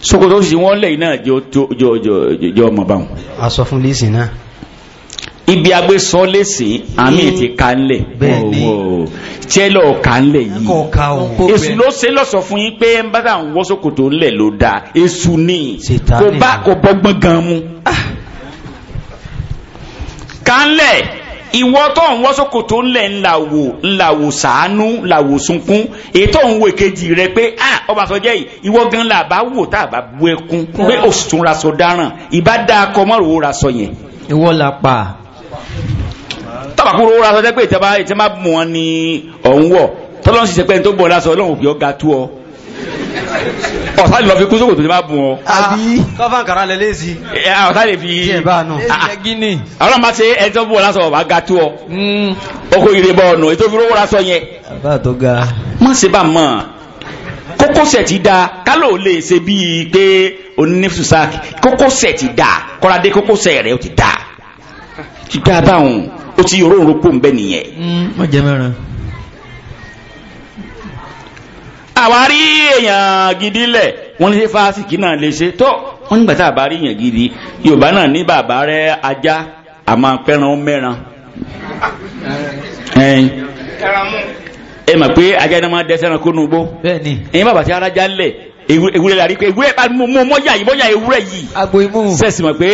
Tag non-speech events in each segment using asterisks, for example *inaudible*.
sokoto sì wọ́n lẹ́yìn náà jọ jọ jọ jọ ọmọ báwọn. a sọ fún lẹ́sì náà. ibi agbe sọ lẹ́sì àmì ti ka ń lẹ̀. bẹ́ẹ̀ni tiẹ́lọ̀ ka ń lẹ̀ yìí. kò ka o. èṣù ló ṣe lọ́sọ̀ fún yín pé ń bá tà ń wọ́ sokoto ńlẹ̀ ló dáa èṣù ni kò bá kò bọ́gbọ́n gan mu. Ah. ka ń lẹ̀ ìwọ tó ń wọ́ ṣòkòtò ńlẹ̀ ńláwò ńláwò sàánú ńláwò sunkún èyí tó ń wo èkejì rẹ pé ah ọba sọjẹ́ yìí ìwọ gan la bá wò tá a bá bu ẹkún pé oṣù tún ra sọ dáràn ìbá dá a kọ mọ́rò ó ra sọ yẹn. ìwọ la pa. tọ́bàkúrò ó ra jẹ́ pé ìtẹ́ bá mú wọn ní ọ̀hún wọ̀ tọ́lọ́sì sẹ́pẹ́ tó bọ̀ lásán ọlọ́run òbí ọ̀gá tó ọ ọ̀tá lè lọ fi kú sókò tó ti bá bùn ọ. àbí kọ́fà kàrà lẹ léèzì. ọ̀tá lè fi gíní. àwọn ọmọ ṣe ẹjọ́ bú ọ lásán ọba ga tó ọ. ọkọ hmm. ìrèbọ ọ̀nà ètò ìfowópamọ́ ra sọ yẹn. bàbá tó ga. má ṣe bá mọ̀ kókósẹ̀ ti da kálọ̀ lè ṣe bíi pé onífṣù sáàkì kókósẹ̀ ti da kọ́ládé kókósẹ̀ rẹ̀ ó ti da ti da báwọn ó ti yòró òun ro nìyẹn. Hmm. má jẹ mẹ́rin àwárí èèyàn gidi lẹ̀ wọ́n lè fásikì náà lè ṣe tó wọ́n nígbà tá a bá rí èèyàn gidi yorùbá náà ní bàbá rẹ̀ ajá àmọ́ pẹ́ran mẹ́ran ẹ mọ̀ pé ajá iná máa dẹ́sẹ̀ ẹranko nùgbó ẹ̀yin bàbá tí arajà lẹ̀ ewúrẹ́ la rí pé ewúrẹ́ bá mú mọ́jà yìí mọ́jà ewúrẹ́ yìí sẹ́sì mọ̀ pé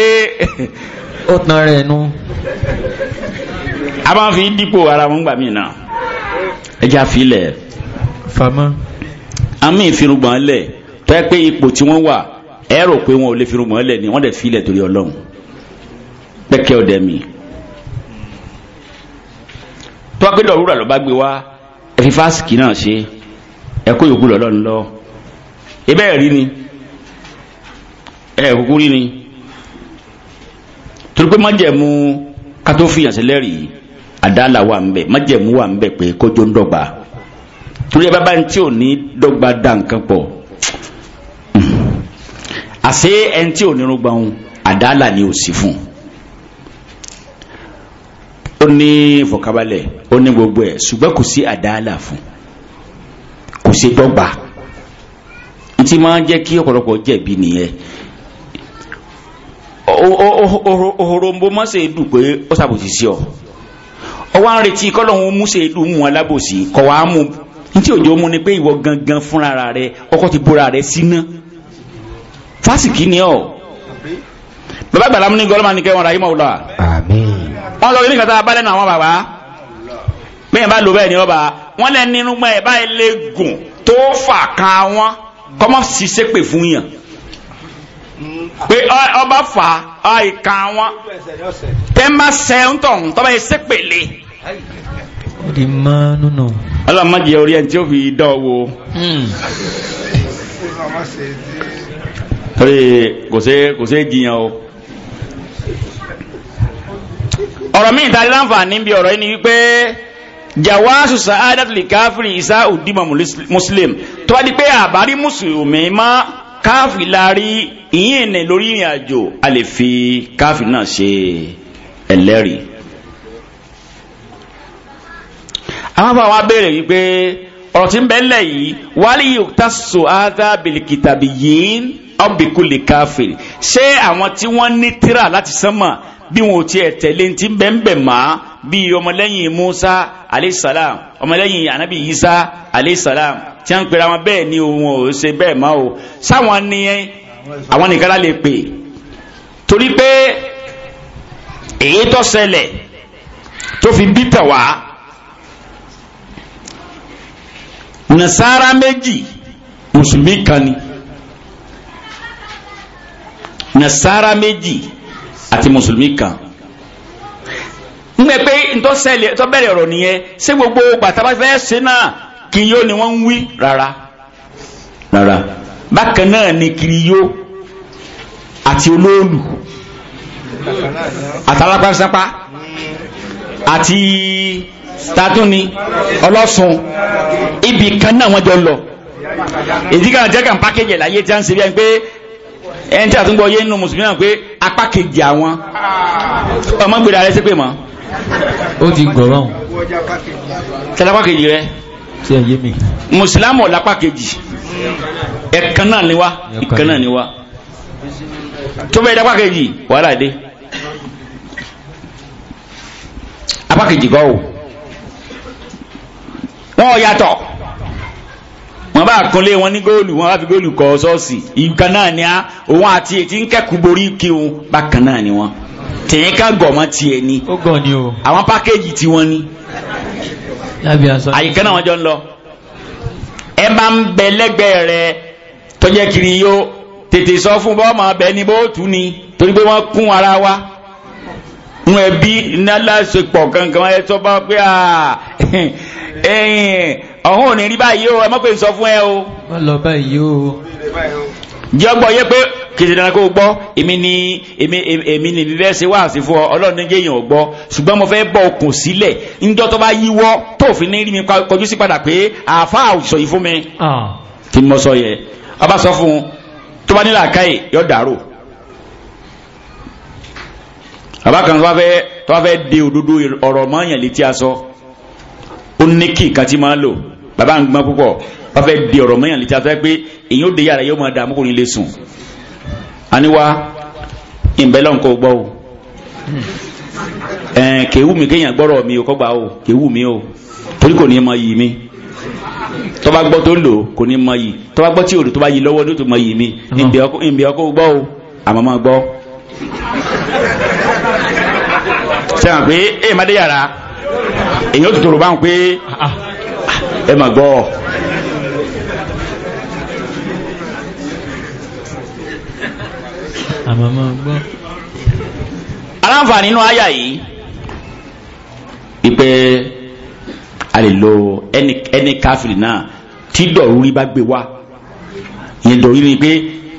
ó tan rẹ̀ nu a máa fi dípò ara wọn gbà mí náà ẹja filẹ̀. fama àmì ìfirùgbọ̀n lẹ̀ tó yẹ pé ipò tí wọ́n wà ẹ pé wọn ò lè firùgbọ̀n ni wọ́n dẹ̀ fi ilẹ̀ torí ọlọ́run pẹ́kẹ́ ọ̀dẹ̀ mi. tó wá pé lọ́rùrà ló bá gbé wá ẹ fi fásitì náà ṣe ẹ kó yòókù lọ́lọ́run lọ ẹ bẹ́ẹ̀ ni ẹ kúkú rí ni torí pé májẹ̀mú kátó fìyàn sílẹ̀ rí àdáàlà wà ń bẹ májẹ̀mú wà ń bẹ pé kójó ń dọ́gba torí ẹ bá bá ní tí ò ní dọ́gba da nǹkan pọ̀ àṣé ẹni tí ò ní rúgba òun àdáàlà ni ò sí fún ó ní ìfọ̀kàbalẹ̀ ó ní gbogbo ẹ̀ ṣùgbọ́n kò sí àdáàlà fún kò sí dọ́gba ntí máa ń jẹ́ kí ọ̀pọ̀lọpọ̀ jẹ̀bi nìyẹn òhòròmbó mọ́ ṣe dù pé ó ṣàbòsí sí ọ ọwọ́ ń retí kọ́lọ́hún mú ṣe dù mú alábòsí kọ̀ wá mú ntí òjò mu ni pé ìwọ gangan fúnra rẹ ọkọ ti bóra rẹ síná fásikì ni ọ bàbá gbàlá mu ní gọlọmọ ní kẹwọn rahima ọlọ. wọn sọ kíni kàtà abalẹ nù àwọn bàbá bẹ́ẹ̀ bá lò bẹ́ẹ̀ ni ọba wọn lẹ nínú gbọn ẹ báyìí lè gùn tó fà kan wọn kọmọ sì ṣépè fún yàn pé ọba fà ọ ìka wọn tẹ ń tọ̀ ń tọ́ bá yẹ ṣépè lé ìmánúnà. ọlọ́mọ jẹ́ orí ẹni tí ó fi dán wo. Hmm. torí kò ṣe kò ṣe jiyàn o. ọ̀rọ̀ mi ìta láǹfààní bí ọ̀rọ̀ yìí ni wípé jawasu sa'adatul kafiri isa udima muslim tó bá di pé àbárí mùsùlùmí máa káàfì láàrí ìyìn ní lórí ìrìn àjò a lè fi káàfì náà ṣe ẹlẹ́rìí àwọn afọ àwọn abéèrè wípé ọ̀rọ̀ tí ń bẹ lẹ̀ yìí wálé yìí tá so ága bìlìkìtàbì yìí ọ̀bìkulè káfíìn ṣé àwọn tí wọ́n ní tíra láti sánmà bí wọn ò tiẹ̀ tẹ̀lé ti bẹ́ ń bẹ̀ mọ́ bí ọmọlẹ́yìn Musa aleyhisalaam ọmọlẹ́yìn anabi Isa aleyhisalaam tí wọ́n ń pera wọn bẹ́ẹ̀ ni òun ò ṣe bẹ́ẹ̀ mọ́ o sáwọn ni àwọn nìkan lè pè torí pé èyí tó ṣẹlẹ̀ tó fi bí wá nasara méjì mùsùlùmí kan ni nasara méjì àti mùsùlùmí kan ngbẹ pé ntọ́sẹ̀lẹ̀ tọ́bẹ̀rẹ̀ ọ̀rọ̀ nìyẹn ṣé gbogbo bàtàbà fẹ́ ṣe náà kì í yó ni wọ́n ń wí rárá rárá bákan náà ni kiri yó àti olóòlù àtàlápàṣápá àti tatúni ọlọ́sùn ibì kan náà wọ́n jọ lọ èdè kan jẹ́ kàn pákéjì ẹ̀ láyé tí a ń ṣe bí ẹni pé ẹni tí a tún gbọ́ yé nínú mùsùlùmí náà pé apá kejì àwọn ọmọ gbèrè alẹ́ sí pé mọ́. ó ti gbọ̀rọ̀ ọ̀hún. kẹlẹ́ kejì rẹ. ṣé ẹ yé mi. mùsùlùmí ọ̀ kejì ẹ̀kan náà ni wá ìkan náà ni wá tó bẹ́ẹ̀ dápá kejì wàhálà dé apá kejì kọ́ o wọ́n yàtọ̀. wọ́n bá kúnlé wọn ní góòlù wọ́n bá fi góòlù kọ́ ṣọ́ọ̀ṣì ìkan náà ni a ike àti ètí ń kẹ́kù borí kí wọn bákan náà ni wọ́n tèyí ká gọ̀mọ́ tiẹ̀ ni àwọn pákéjì tí wọ́n ní àyíká náà wọ́n jọ ń lọ ẹ máa ń bẹ lẹ́gbẹ̀ẹ́ rẹ tọ́jẹ́ kiri sọ fún ni torí pé wọ́n kún ara wa kankan ẹ bá *laughs* ọ̀hún ò ní rí báyìí o ẹ mọ́ pé n sọ fún ẹ o. wọ́n lọ báyìí o. jẹ́ gbọ́ yé pé kìsì dandan kó o gbọ́ èmi ni èmi èmi ni bíbẹ́ ṣe wá sí fún ọ ọlọ́run ní jẹ́yìn ò gbọ́ ṣùgbọ́n mo fẹ́ bọ okùn sílẹ̀ ńjọ́ tó bá yíwọ́ tó fi ní rí mi kọjú sí padà pé àáfà sọ yìí fún mi kí n mọ sọ yẹ ọba sọ fún un tó bá nílò àkáyè yọ dàrú bàbá kan tó bá fẹ́ de òdodo ọ̀rọ̀ mọ́yàn létí aṣọ ó ní kí ìka tí máa ń lò bàbá ń gbọ́n púpọ̀ wọ́n fẹ́ di ọ̀rọ̀ mẹ́yàn létí afẹ́ pé èyí ó de yàrá yóò máa dààmú kò ní lè sùn àníwá ìbẹ́lẹ̀ nǹkan gbọ́ o ẹ̀ẹ́n kèwú mi kéèyàn gbọ́rọ̀ mi ò kọ́gbà o kèwú mi o torí kò ní mọ yìí mi tó gbọ́ tó lò kò ní mọ yìí tó gbọ́ tí olù tó bá yìí lọ́wọ́ ló tó mọ yìí mi uh-huh. ìbí ọkọ̀ gbọ́ o àmọ́ máa gbọ́ sẹ́wọ̀n pé èèmọ́dé yàrá èèyàn tó ẹ mà gbọ́ aláǹfààní inú àyà yìí wípé a lè lo ẹni káfìrì náà tí dọ̀rúrí bá gbé wá ìyẹn dọ̀rúrí ni pé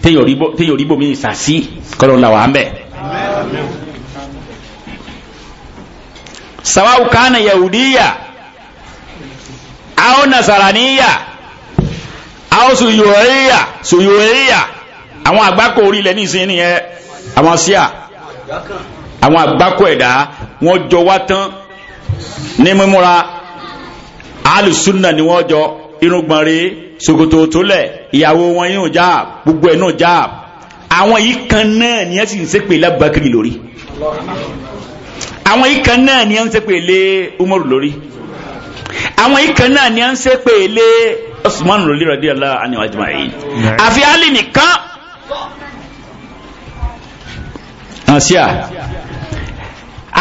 téèyàn rí bòmí ìsàsí kọ́lọ́ ńlá wà á mẹ́. sàwáwù kánà yahudiya àwọn nasaraniya àwọn suyuiya suyuiya àwọn àgbákò orí ilẹ̀ nísìnyí nìyẹn àwọn síà àwọn àgbákò ẹ̀dá wọ́n jọ wá tán ní mímúra alùsùnà ni wọ́n jọ irùngbọ̀n rẹ̀ ṣòkòtò tó lẹ̀ ìyàwó wọn yóò já gbogbo ẹ̀ náà já àwọn yìí kan náà ni ẹ sì ń ṣépè lábàkiri lórí àwọn yìí kan náà ni ẹ ń ṣépè lé Umaru lórí àwọn ikàn náà ni à ń ṣe pé ilé Usman lórí radiyallahu anhu ajma'in àfi Ali nìkan àṣìá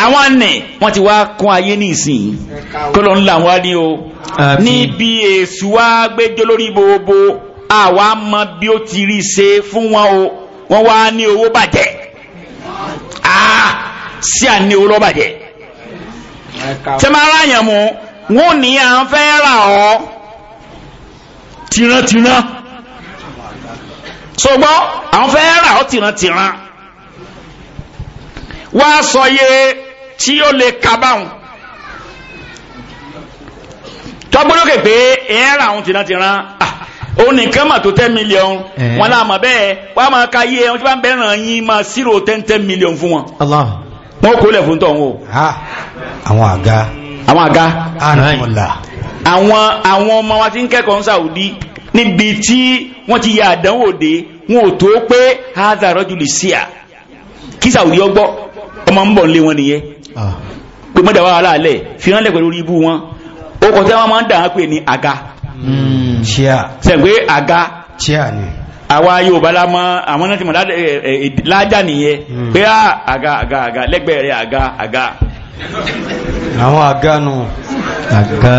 àwọn nì wọ́n ti wá kún ayé ní ìsìn kọ́lọ̀ ńlá wá ní o níbi èsù wá gbẹjọ́ lórí gbogbo àwa mọ bí ó ti rí ṣe fún wọn o wọ́n wá ní owó bàjẹ́ sí ah! à lọ́bàjẹ́ tẹ́mọ̀ aráyàn mú wọ́n ní à ń fẹ́ rà ọ́ tìrantìran sọgbọ́ à ń fẹ́ rà ọ́ tìrantìran wá sọ yé tí ó lè kábàáhùn tọ́gbọ́lókè pé ẹ̀ẹ́rà àwọn tìrantìran ah, òun nìkan mà tó ten million eh. wọn náà mà bẹ́ẹ̀ wọ́n á máa ka yé ẹ̀wọ̀n tí wọ́n bẹ́ẹ̀ ràn yín máa sírò ten million fún wọn. wọn kò lè fún tọ̀ o. àwọn àga àwọn aga, àwọn àwọn ọmọ wa ti ń kẹ́kọ̀ọ́ Saudi níbi tí wọ́n ti ya àdánwò dé wọn ò tó pé haza rọ́júlì síà kí Saudi ọgbọ́ ọmọ ń bọ̀ ń lé wọn nìyẹn ah. pé mọ́dà wà láàlẹ̀ fi hàn lẹ́pẹ̀lú orí ibú wọn ó kọ̀ tí wọ́n máa ń dà á pè ní àga hmm, sẹ̀gbé aga, àwa Yorùbá la mọ àwọn náà ti mọ̀ lájà nìyẹn hmm. pé ah, àga àga àga lẹ́gbẹ̀ẹ́ rẹ̀ àga àga. àwọn nù àgá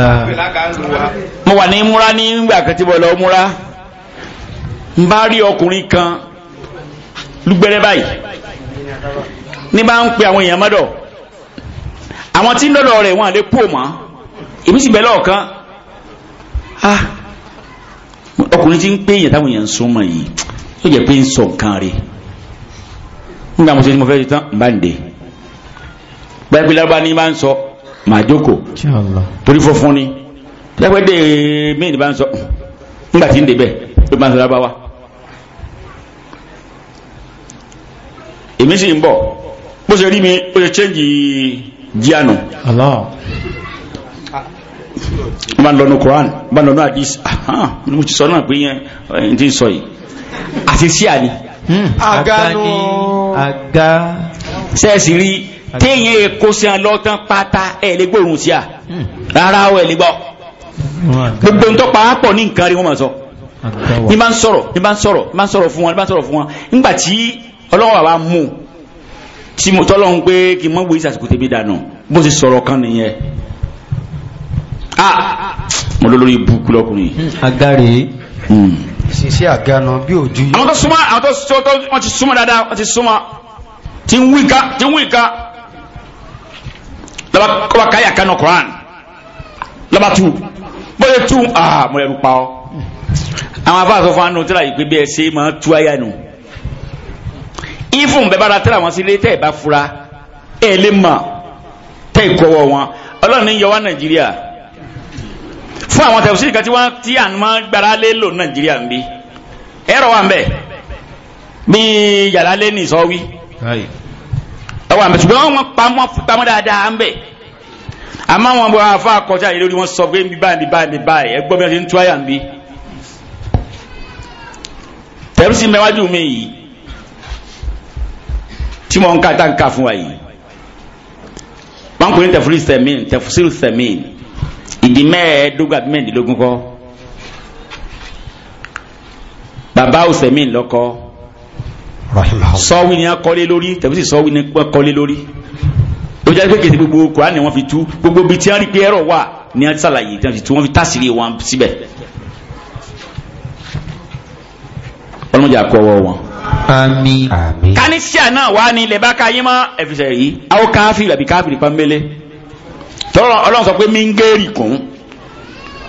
mo wà ní múra ní ìgbà tí mo múra n bá rí ọkùnrin kan lúgbẹ́rẹ́ báyìí ní bá ń pe àwọn èèyàn mọ́dọ̀ àwọn tí ń dọ́dọ̀ rẹ̀ wọ́n àlé kú òmọ́ èmi sì ọ̀kan ah! ọkùnrin tí ń èèyàn táwọn èèyàn ń súnmọ́ yìí ó jẹ́ pé gbàgbé lábá ní bá ń sọ màá jókòó torí fọfún ni gbàgbé dé mí ni bá ń sọ nígbà tí ń débẹ̀ ló bá ń sọ lábá wa. èmi sì ń bọ̀ bó ṣe rí mi ó ṣe chẹ́ǹgì jíànù. n bá lọ́nu Quran n bá lọ́nu hadith mo ti sọ náà pé yẹn n ti sọ yìí àti síà hmm. ni. aganu aga. sẹ́ẹ̀sì rí téèyàn èkó sí àwọn lọ́tàn pátá ẹ̀ lè gbóòrùn sí à hmm. rárá ọ̀ ẹ̀ lè gbọ́ gbogbo ntọ́ pàápọ̀ ní nǹkan rí wọ́n máa sọ ní bá ń sọ̀rọ̀ ní bá ń sọ̀rọ̀ ní bá ń sọ̀rọ̀ fún wọn ní bá ń sọ̀rọ̀ fún wọn nígbà tí ọlọ́wọ́ bá mú tí mo tọ́lọ́hún pé kí n mọ́ wíṣà sùkùtì bí dànù bó ti sọ̀rọ̀ kan nìyẹn ah mo lórí ibùkún lọkùnrin. Hmm, agbárí hmm. ṣiṣẹ́ àgànà bí òjú. àwọn tó súnmọ́ àwọn tó wọ́n ti súnmọ́ dáadáa wọ́n ti súnmọ́ ti ń wí ká ti ń wí ká lọba kọba káyà kanọ koran lọba tu bọ́lẹ̀ tu aa ah, mo yẹnu pa ọ́ àwọn afa àtọ́fọ́ àánú tíra yìí pé bí ẹ ṣe máa tu àyà nù ifun bẹ́ẹ̀ bára tíra wọn sílé tẹ́ ẹ bá fura ẹ lè mọ̀ tẹ́ ẹ kọ́wọ́ wọn ọlọ́run ní yọ wá nàìjíríà fún àwọn tẹ̀síìrì kan tí wọ́n ti àná gbára lé lò nàìjíríà ń bí ẹ̀rọ wa ń bẹ̀ bí yàrá lé nìsọ́ wí ẹwà àmì ṣùgbọ́n wọn pamọ́ pamọ́ dáadáa ń bẹ̀ àmọ́ wọn bọ afọ akọjá yìí lórí wọn sọ pé bíbá bíbá bíbá ẹ gbọ́ bí wọn ti ń tú àyà ń bí tẹ̀rùsì mẹ́wájú mi yìí tí mo ń ka táǹkà fún wa yìí wọn kò ní tẹ̀fúrú sẹ̀mìn tẹ̀fúrú sẹ̀mìn ìdí mẹ́ẹ̀ẹ́dógún àbí mẹ́ẹ̀ẹ́dínlógún kọ́ bàbá òsẹ̀mìn lọ́kọ́ sọ́wí ni a kọ́lé lórí tẹ̀físì sọ́wí ni a kọ́lé lórí ó jẹ́ pé kèsì gbogbo kura ni wọ́n fi tú gbogbo bíi tí wọ́n rí pé ẹ̀rọ wà ni a ti sàlàyé tí wọ́n fi tú wọ́n fi tásìrì wọn síbẹ̀ ọlọ́mọdé àkọ́wọ́ wọn. àmín. kánísíà náà wà ní ilẹ̀ bá káyé mọ́ ẹ̀fíṣẹ̀ yìí àwọn káfíìrì àbí káfíìrì pàmbélé tọ́lọ́ ọlọ́run sọ pé mingeri kún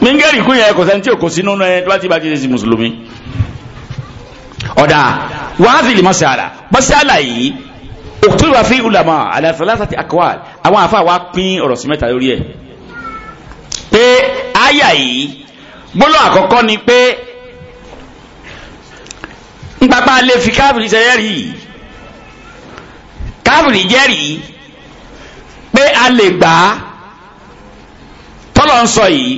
mingeri kún yẹn kò sẹ́ni tí ò ọ̀dà wàhálì masala masala yìí òkútùrà fi ulama ala thalathati akwal àwọn àfa wa pín ọ̀rọ̀ sí mẹ́ta lórí ẹ̀ pé àyà yìí gbólóhùn àkọ́kọ́ ni pé ngbàgbà lè fi káàbìrì jẹ́rìí káàbìrì jẹ́rìí pé a lè gbà tọ́lọ̀ ń sọ yìí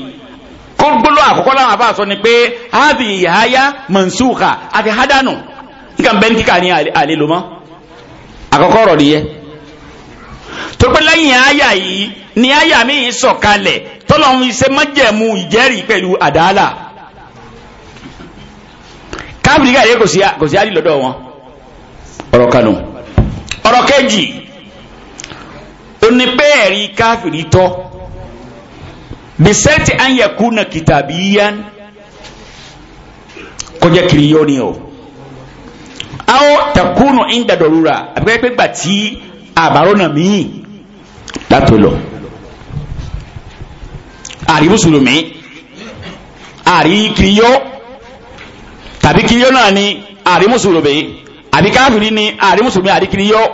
kóngbóló àkọ́kọ́ láwọn àbá sọ ni pé ábì ìyáyá mọ̀nsúkà àti hádánù nǹkan bẹ́ẹ̀ kíkà ní àlè lomọ́ àkọ́kọ́ ọ̀rọ̀ nìyẹn tó pé lẹ́yìn àyà yìí ni àyà mi yìí sọ̀kalẹ̀ tọ́lọ́run iṣẹ́ mọ́jẹ̀mú ìjẹ́rìí pẹ̀lú àdáàlà káàbìrì káàdé kò sí àlè lọ́dọ̀ wọn ọ̀rọ̀ kanu ọ̀rọ̀ kejì ó ní pé ẹ̀rí káfìrí tọ́ bisẹ́ẹ̀tì an yakuna kitabiyan kọjá kiriyọ́ o aw takunu inda darura àbíkẹ́ pé gbà tí àbárò náà míì látò lọ àrí mùsùlùmí àrí ari tàbí kiriyọ́ náà ni àrí mùsùlùmí àbí káfírí ni àrí mùsùlùmí àrí kiriyọ́.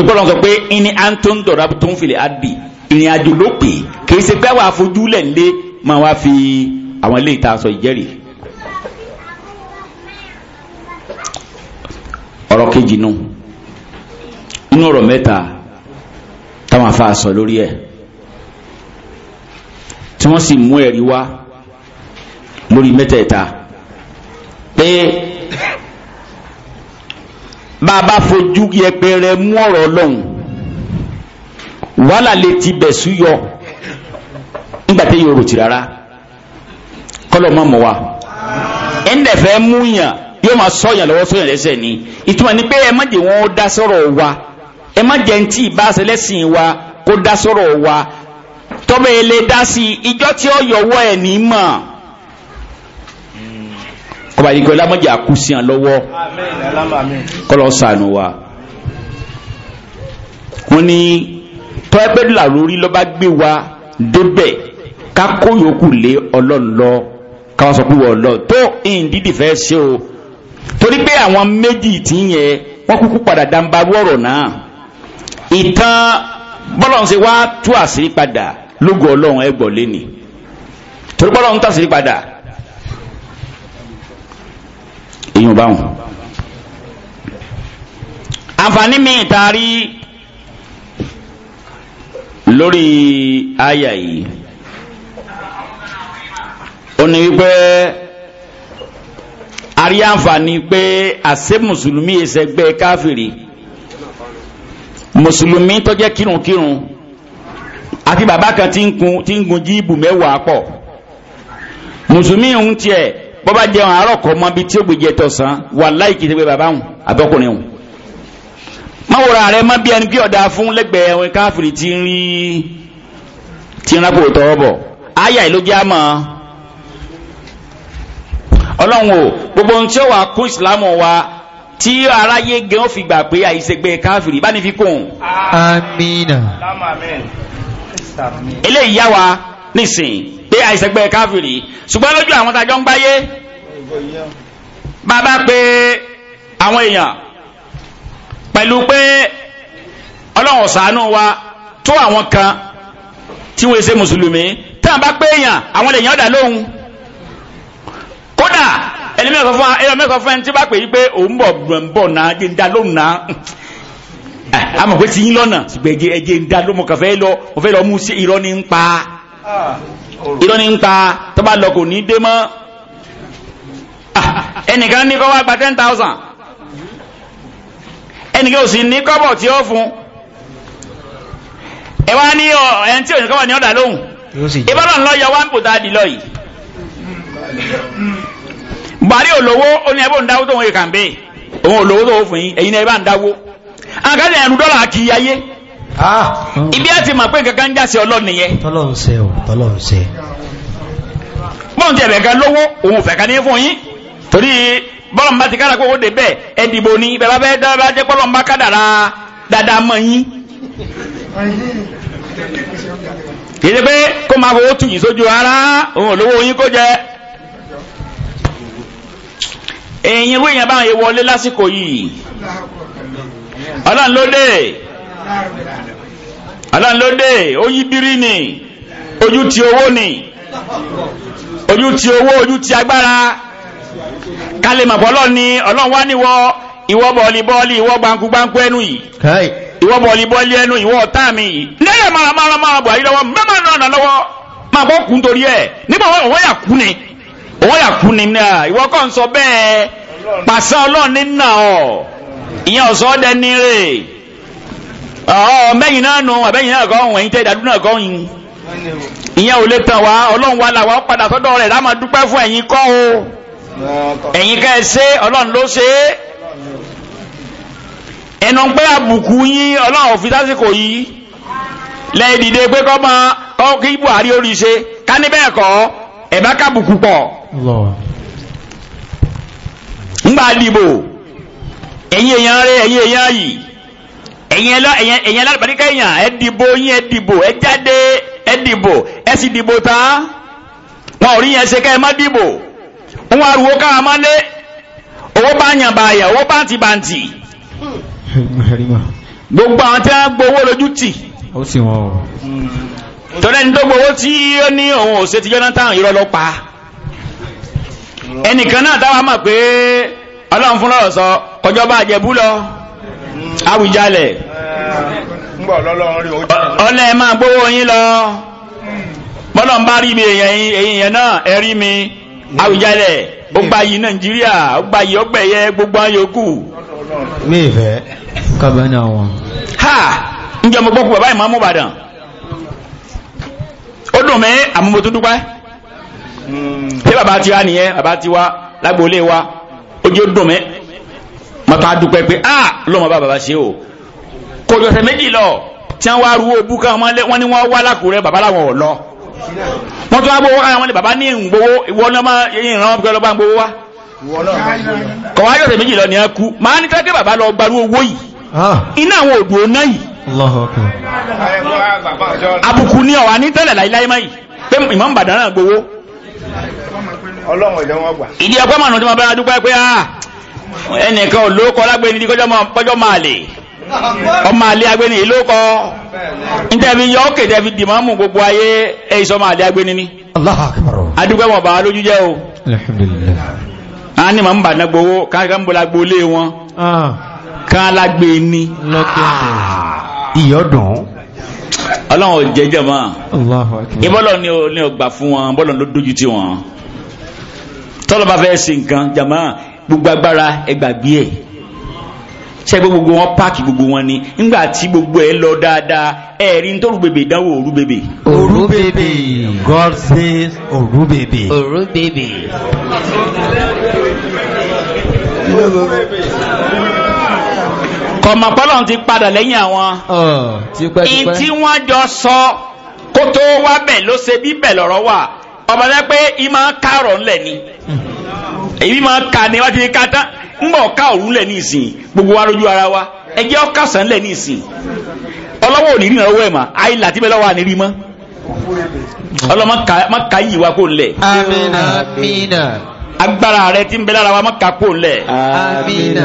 tukọlọ sọ pé ìní antun dọ̀rọ̀ tó ń adi ìrìn àjò ló pè kì í ṣe pé wàá fojú lẹ̀ lé máa wá fi àwọn ilé ìta sọ ìjẹ́rìí. ọ̀rọ̀ kejì nù inú ọ̀rọ̀ mẹ́ta táwọn afa sọ lórí ẹ̀ tí wọ́n sì mú ẹ̀rí wá lórí mẹ́tẹ̀ẹ̀ta pé bá a bá fojú yẹpẹrẹ mú ọ̀rọ̀ ọlọ́run wàhálà lè ti bẹ̀ súyọ nígbà tí yóò ròtì rárá kọ́lọ̀ mọ́ mọ́ wa ẹ̀ńdẹ̀ fẹ́ mú yàn yóò máa sọ̀yàn lọ́wọ́ sọ̀yàn lẹ́sẹ̀ ni ìtumọ̀ ni pé ẹ má jẹ́ wọn dá sọ̀rọ̀ wa ẹ má jẹ́ ntí ìbáṣẹ lẹ́sìn wa kó dá sọ̀rọ̀ wa tọ́bẹ̀ dá sí ijọ́ tí ó yọwọ́ ẹ̀ ní mọ̀ ọba ìdíkọ̀ lámọ́jà kú sí àn lọ́wọ́ kọ́lọ́ sànù wa wọ́n ní tọ́ẹ́pẹ́ làrórí lọ́ba gbé wa débẹ̀ ká kó yòókù lé ọlọ́run káwọn sọ pé wọ́n lọ tó ìdídì fẹ́ ṣe o torí pé àwọn méjì tí ń yẹ wọ́n kúkú padà dáńbarú ọ̀rọ̀ náà ìtàn bọ́lọ̀ wá tú àṣírí padà lógo ọlọ́run ẹgbọ̀ lẹ́ni torí bọ́lọ̀ ń tàṣírí padà èyàn bá wọn. àǹfààní mi ìtaari lórí àyà yìí ó ní wípé àrí àǹfààní pé àṣẹ mùsùlùmí ẹsẹgbẹ́ káfìrí mùsùlùmí tó jẹ́ kírunkírun àti bàbá kan tí ń gun jíìbù mẹ́wàá pọ̀ mùsùlùmí ń tiẹ̀ bọ́bá jẹun àárọ̀ kọ́ mọ́ bí tí ó gbèjẹ tọ̀sán wà láì kìí ṣe bàbá wọn àbọ́kùnrin wọn. mọ́wòrán rẹ mọ́ bí ẹni pé ọ̀dà fún lẹ́gbẹ̀ẹ́ ẹ̀wọ̀n káfíìrì ti rí ti ń rákò tọ́wọ́ bọ̀ áyà ló àmọ́ ọlọ́run o gbogbo ohun tí ó wà kún ìsìlámù wa tí aráyé gan fi gbà pé àìsègbè káfíìrì bá ní fi kún. amiina. eléyìí yá wa nísìn pé àìsẹ̀gbẹ́ káfìrí ṣùgbọ́n lójú àwọn tàjọ ń gbáyé bàbá pé àwọn èèyàn pẹ̀lú pé ọlọ́run ṣàánú wa tó àwọn kan tí wọ́n ṣe mùsùlùmí tí wọ́n bá pé èèyàn àwọn èèyàn dà lóhùn kódà ẹni mẹ́sàn fún ẹni mẹ́sàn fún ẹni tí bá pè yí pé òun bọ̀ ń bọ̀ náà jẹ́ ń dá lóhùn náà àmọ̀ pé ti yín lọ́nà ṣùgbọ́n ẹjẹ́ ń dá lóhùn mo kàn fẹ́ lọ mo fẹ́ lọ mú sí irọ́ ní ń pa irọ́ ni ń pa tó bá lọ kò ní dé mọ́ ah, ẹnìkan ní kó wá ten thousand ẹnìkan ò sì ní kọ́bọ̀ tí ó fún ẹ wá ní ẹni tí ò ní kọ́bọ̀ ní ọ̀dà lóhùn ìbára ńlọ yọ wá ń pòtà dì lọ yìí Buhari olówó ó ní ẹbí òun dáwó tó wọn yìí kàn bẹ́ẹ̀ òun olówó tó wọn fún yín ẹ̀yin náà ẹ bá ń dáwó àkàtà ẹ̀rù dọ́là kì í ayé. Ah. Hmm. ibi àti màá pé nǹkan jásí ọlọ́ni yẹn tọ́lọ́run ṣe ò tọ́lọ́run ṣe mọ́n ti ẹ̀bẹ̀ kan lówó òun fẹ̀ kan ní fún yín torí bọ́lọ̀ bá ti kára kó dé bẹ́ẹ̀ ẹ̀dìbò ni bẹ́ẹ̀ bá fẹ́ dára jẹ́ bọ́lọ̀ bá kádàrá dáadáa mọ́ yín kì í ṣe pé kó máa fowó tù yín sójú ara òun olówó yín kó jẹ èyí wíyàn báwọn yẹ wọlé lásìkò yìí ọlọ́run ló dé. aláǹlódé oyin biri ni ojú ti owó ni ojú ti owó ojú ti agbára kálí ni ọlọ́run wá níwọ ìwọ bọ́ọ̀lì bọ́ọ̀lì ìwọ gbàǹkú gbàǹkú ẹnu yìí ìwọ bọ́ọ̀lì bọ́ọ̀lì ẹnu ìwọ ọ̀tá mi yìí maramara máa bọ̀ ayé lọ́wọ́ mẹ́mà náà lọ́wọ́ máa bọ́ kú nítorí ẹ̀ nígbà wọn òun yà kú ni òun yà kú ni ìwọ kàn sọ bẹ́ẹ̀ pàṣẹ ọ̀ oh, mẹ́yìn náà nù àbẹ́yìn náà kọ́ ẹ̀yìn tẹ́ ìdádúrà kọ́ yìí ìyẹn ò lè tàn wá ọlọ́run wa là wá padà sọ́dọ̀ rẹ̀ láàmà dúpẹ́ fún ẹ̀yin kọ́ o ẹ̀yin ká ẹ ṣe ọlọ́run ló ṣe é ẹnu pé àbùkù yín ọlọ́run fi sásìkò yìí lẹ́yìn dìde pé kọ́ máa kọ́ kí Buhari orí ṣe ká ní bẹ́ẹ̀ kọ́ ẹ̀ bá kábùkù pọ̀ ńgbà dìbò ẹ̀yin èèyàn rẹ̀ ẹ̀yin èèyàn yìí ẹ̀yin ẹlá ẹ̀yin ẹlá àbáríkà èèyàn ẹ dìbò yín ẹ dìbò ẹ jáde ẹ dìbò ẹ sì dìbò tán wọn ò rí yẹn ṣe ká ẹ má dìbò wọn ariwo ká má lé owó bá yàn báyà owó báǹtì báǹtì gbogbo àwọn tí wọn gbowó lójú tì. ó sì wọn o. tọ́lá ní tó tí ó ní òun ò ṣe ti Jonathan irọ́ ló pa ẹnìkan náà táwa mọ̀ pé ọlọ́run fúnra ọ̀sọ́ kọjọ́ bá àjẹbú lọ. Awùjalẹ̀ ọlẹ́ ma gbówó yín lọ bọ́lọ̀ ń bá rí mi èyí yẹn náà ẹ̀rí mi Awùjalẹ̀ ó gba yìí Nàìjíríà ó gba yìí ọgbẹ̀yẹ gbogbo ayókù. mi ìfẹ́ kábẹ́ ní àwọn. ha ǹjẹ́ mo gbọ́ pé bàbá ìmọ̀ Ìbàdàn ó dùn mí àmọ́ mo tún dúpẹ́ ṣé bàbá tiwa nìyẹn bàbá tiwa lágboolé wa ojú ó dùn mí mọ́tò adúpẹ́ pé a ah, lọ́mọ bá bàbá ṣe o kò jọ̀sẹ̀ méjì lọ tí wọ́n wá ruwó bú káwọn wọ́n ní wọ́n wá lákùrẹ́ bàbá làwọn ò lọ wọ́n tún wá gbowó káwọn ní bàbá ní ìgbowó ìwọ náà máa yẹn ìran ọ̀pẹ́ lọ́gbà gbowó wa kọ̀ wá jọ̀sẹ̀ méjì lọ ní ẹkú màá ní kẹ́kẹ́ bàbá lọ gbarú owó yìí ah. iná àwọn òdò náà yìí àbùkù ni ọ̀wà ní tẹ́lẹ̀ láíláí máa yìí pé ìmọ̀ Ìbàdàn náà gbowó ìdí ẹ̀kọ́ mànà tí wọ́n bá dúpẹ́ pé ah, ẹnìkan olóòkọ lágbé ní kọjọ́ máa lè ọmọ àlẹ́ agbéni ìlóòkọ nítẹ́bí yọ ókè tẹ́bí dìmọ́mù gbogbo ayé ẹ̀ṣọ́ máa lẹ́ agbéni ní adúgbẹ́ wọn bá lójú jẹ́ o a ní ma ń bà náà gbowó káàkiri ń bọ́lá gbolé wọn ah. káà lágbé ní ìyọ́dùn ah. ọlọ́run jẹjẹ mọ́ ìbọ́lọ̀ ni ó gbà fún wọn bọ́lọ̀ ló dójú tí wọn tọ́lọ́ bá fẹ́ ṣe nǹkan jàmáà gbogbo agbára ẹ gbàgbé ẹ̀ ṣe gbogbo wọn páàkì gbogbo wọn ni nígbà tí gbogbo ẹ lọ dáadáa ẹ rí nítorí bèbè ìdánwò òru bèbè. òru bèbè God says òru bèbè. òru bèbè. kọ̀mọ̀pọ́lọ̀ ti padà lẹ́yìn àwọn. tí wọ́n jọ sọ kó tó wá bẹ̀ ló ṣe bí bẹ̀ lọ́rọ̀ wà ọmọdé pé ìmọ̀ kárọ̀ ńlẹ̀ ni. Mm. èyí máa ka ni wọ́n ti ka tán ń bọ̀ ká òru lẹ̀ ní ìsìn gbogbo wa lójú ara wa ẹjẹ́ ọ̀ka sàn lẹ̀ ní ọlọ́wọ́ òní ìrìnà owó ẹ̀ mà ayé làtí bẹ́ẹ̀ lọ́wọ́ àníri mọ́ ọlọ́mọ ká yìí wa kó lẹ̀. amina amina. agbára rẹ ti ń bẹ lára wa má ka kó lẹ̀. amina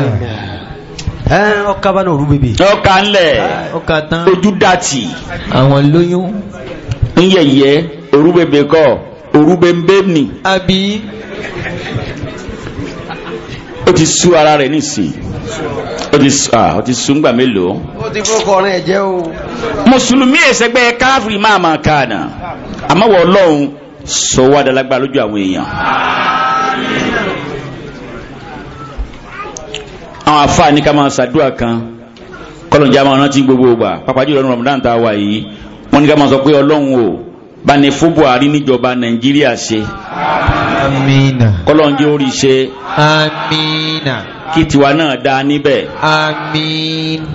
ọkà bá náà rú bèbè ọkà ńlẹ̀ ọkà tán ojú dàtì àwọn lóyún ń yẹ̀yẹ́ orú bèbè kọ́ orú bèbè ní àbí ó ti sú ara rẹ̀ nísìn ó ti sú ngbà mélòó. ó ti kó kọrin ẹ̀ jẹ́ o. mùsùlùmí ẹ̀sẹ̀gbẹ́ káfíìn máa máa kàánà àmọ́ wọ́n ọlọ́run sọ wá dalágbá lójú àwọn èèyàn. àwọn àfáà ká máa ṣàdúrà kan kọlọ̀njá máa rántí gbogbo ìgbà pàápàá jùlọ Ramadan tá a wà yìí wọ́n ní ká máa sọ pé ọlọ́run o bá fún Buhari níjọba Nàìjíríà ṣe amina kọ́lọ́njẹ́ orí ṣe amina kí tiwa náà dá níbẹ̀ amina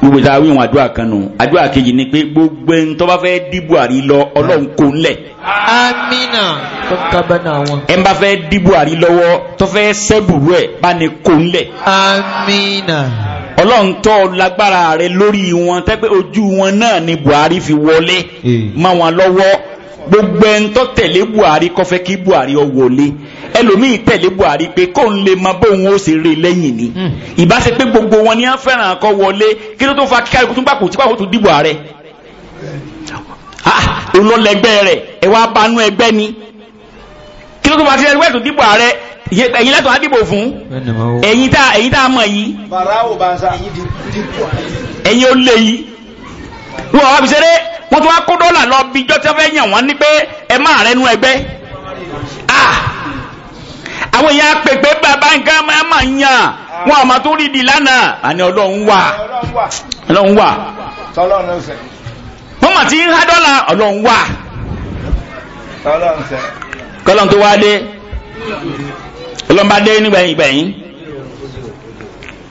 gbogbo ìta wíwọn àdúrà kan nù àdúrà kejì ni pé gbogbo ẹni tó bá fẹ́ dí Buhari lọ Ọlọ́run kò ń lẹ̀. amina tó ń kábẹ́ wọn. ẹ bá fẹ́ dí Buhari lọ́wọ́ tó fẹ́ sẹ́bùrú ẹ̀ bá ní kò ń lẹ̀. amina. Ọlọ́run tọ́ lágbára rẹ lórí wọn tẹ́pẹ́ ojú wọn náà ni Buhari fi wọlé mọ́ wọn lọ́wọ́ gbogbo ẹni tó tẹ̀lé Buhari kò fẹ́ kí Buhari ó wọlé ẹlòmíì tẹ̀lé Buhari pé kó ń lè mọ bóun ó sì rí lẹ́yìn ni hmm. ìbá ṣe pé gbogbo wọn ni á fẹ́ràn wọlé kí ló tó fa kíkárì kó tún gbàkú tí pàwọ́ tó dìbò ààrẹ olólẹgbẹ́ ah, rẹ̀ ẹ wá banú ẹgbẹ́ ni kí ló tó fa kíkárì tó dìbò ààrẹ ẹ̀yin látọ̀ á dìbò fún ẹ̀yin tá ẹ̀yin tá a mọ̀ yìí ẹ̀yin ó lé yìí wọ́n wá fi ṣeré wọ́n tún wá kó dọ́là lọ bí ijọ́ tí wọ́n fẹ́ yàn wọ́n ní pé ẹ máa rẹ nu ẹgbẹ́ ah! àwọn èèyàn pèpè bàbá nǹkan máa ma yàn wọn àmọ́ tó rí di lánàá àní ọlọ́run wà ọlọ́run wà wọ́n mà ti ń há dọ́là ọlọ́run wà kọ́lọ́n tó wá dé ọlọ́run bá dé nígbẹ̀yìn gbẹ̀yìn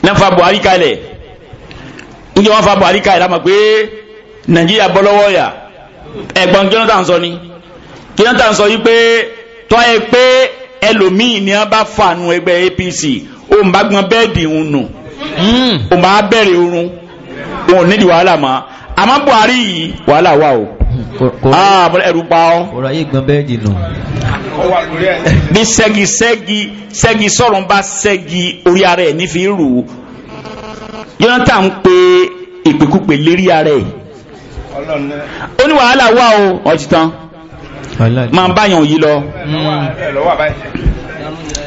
náà fa Buhari kalẹ̀ níjẹ́ wọ́n fa Buhari kalẹ̀ lámọ̀ pé nàìjíríà bọ́ lọ́wọ́ yà ẹ̀gbọ́n kí ló tà ń sọ ni kí ló tà ń sọ yìí pé tọ́ ẹ pé ẹlòmíì ni a bá fànù ẹgbẹ́ APC òun bá gbọ́n bẹ́ẹ̀dì òun nù òun hmm. bá bẹ̀rẹ̀ oorun òun nídìí wàhálà mọ́ àmọ́ Buhari yìí wàhálà wà o ah, ẹrù pa ọ́ ọ̀rọ̀ ayé gbọ́n bẹ́ẹ̀dì nù. bí sẹ́gi sẹ́gi sẹ́gi sọ̀rọ̀ ń bá sẹ́gi orí ara ẹ̀ nífi rù yọ́n ń pe ìpèkúpè lérí ara ẹ̀ ó ní wàhálà wà o ọtí tán máa báyàn yìí lọ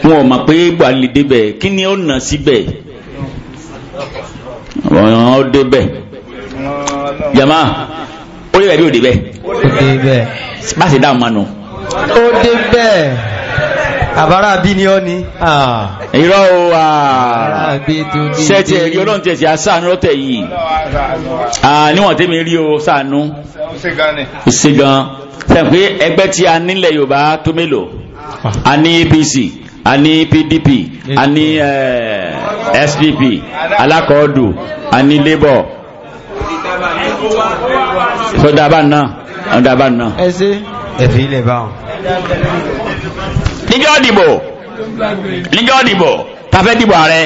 wọn ò mọ̀ pé buhari lè débẹ̀ kí ni ó nà síbẹ̀ ọ̀ràn ó débẹ̀ yàmá ó débẹ̀ bí ó débẹ̀ bá ṣe dáhùn mánu. ó débẹ̀ àbára bí ní ọ́ ni ìrọ́ ah. o ah. ṣẹ́tì ẹ̀rí ọlọ́run tẹ̀sí àṣàánú rọ́tẹ̀ yìí ah, níwọ̀n tẹ́mi rí o ṣàánú ìṣègàn sẹ́pẹ́ ẹgbẹ́ tí a nílẹ̀ Yorùbá tó mélòó a ní APC a ní PDP a ní SDP eh, alákọ̀ọ́dù a ní Labour sọdá bá náà ọdá bá náà ẹsẹ ẹfí ilẹ̀ níjọ́ dìbò níjọ́ dìbò tàfẹ́ dìbò ààrẹ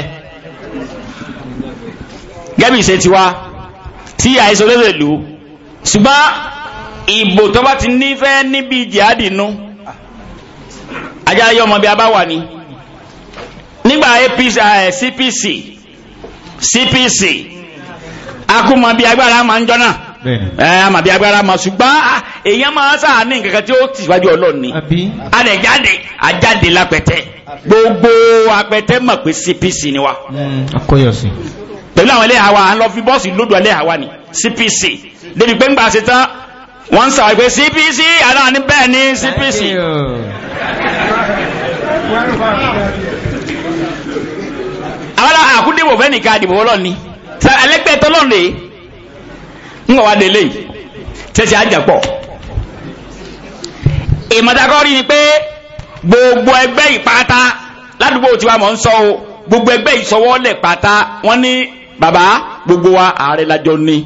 gẹ́bí ìṣe ti wá tí àìsàn olóṣèlú ṣùgbọ́n ìbò tó bá ti nífẹ̀ẹ́ níbi jihadi nú ajá yọ ọmọ bí a bá wà ní nígbà APC eh, CPC CPC akúmọ bí agbára máa ń jọ náà ẹ àmà bí agbára ma ṣùgbọ́n èèyàn máa sàánì nǹkankan tí ó ti síwájú ọlọ́run ni àdẹ̀jáde àjáde lápẹtẹ gbogbo apẹtẹ mọ̀ pé CPC ni wa. Hmm, pẹ̀lú àwọn ẹlẹ́yà wa à ń lọ fi bọ́ọ̀sì lódò ẹlẹ́yà ni CPC débi pé ń gbà ṣe tán wọ́n ń sàwọn ìpè CPC aláàánú bẹ́ẹ̀ ni CPC. àwọn àkúndéwò fẹ́ nìkan àdìbò wọ́lọ́ ni ẹlẹ́gbẹ̀ẹ́ tọ́lọ́ nìyí ńgbà wá délé tẹ́sí àjàpọ̀ ìmọ̀tàkọ́rí ni pé gbogbo ẹgbẹ́ ìpáta ládùúgbò tiwa mọ̀ ń sọ o gbogbo ẹgbẹ́ ìsọwọ́lẹ̀ pátá wọ́n ní bàbá gbogbo wa ààrẹ lájọ ní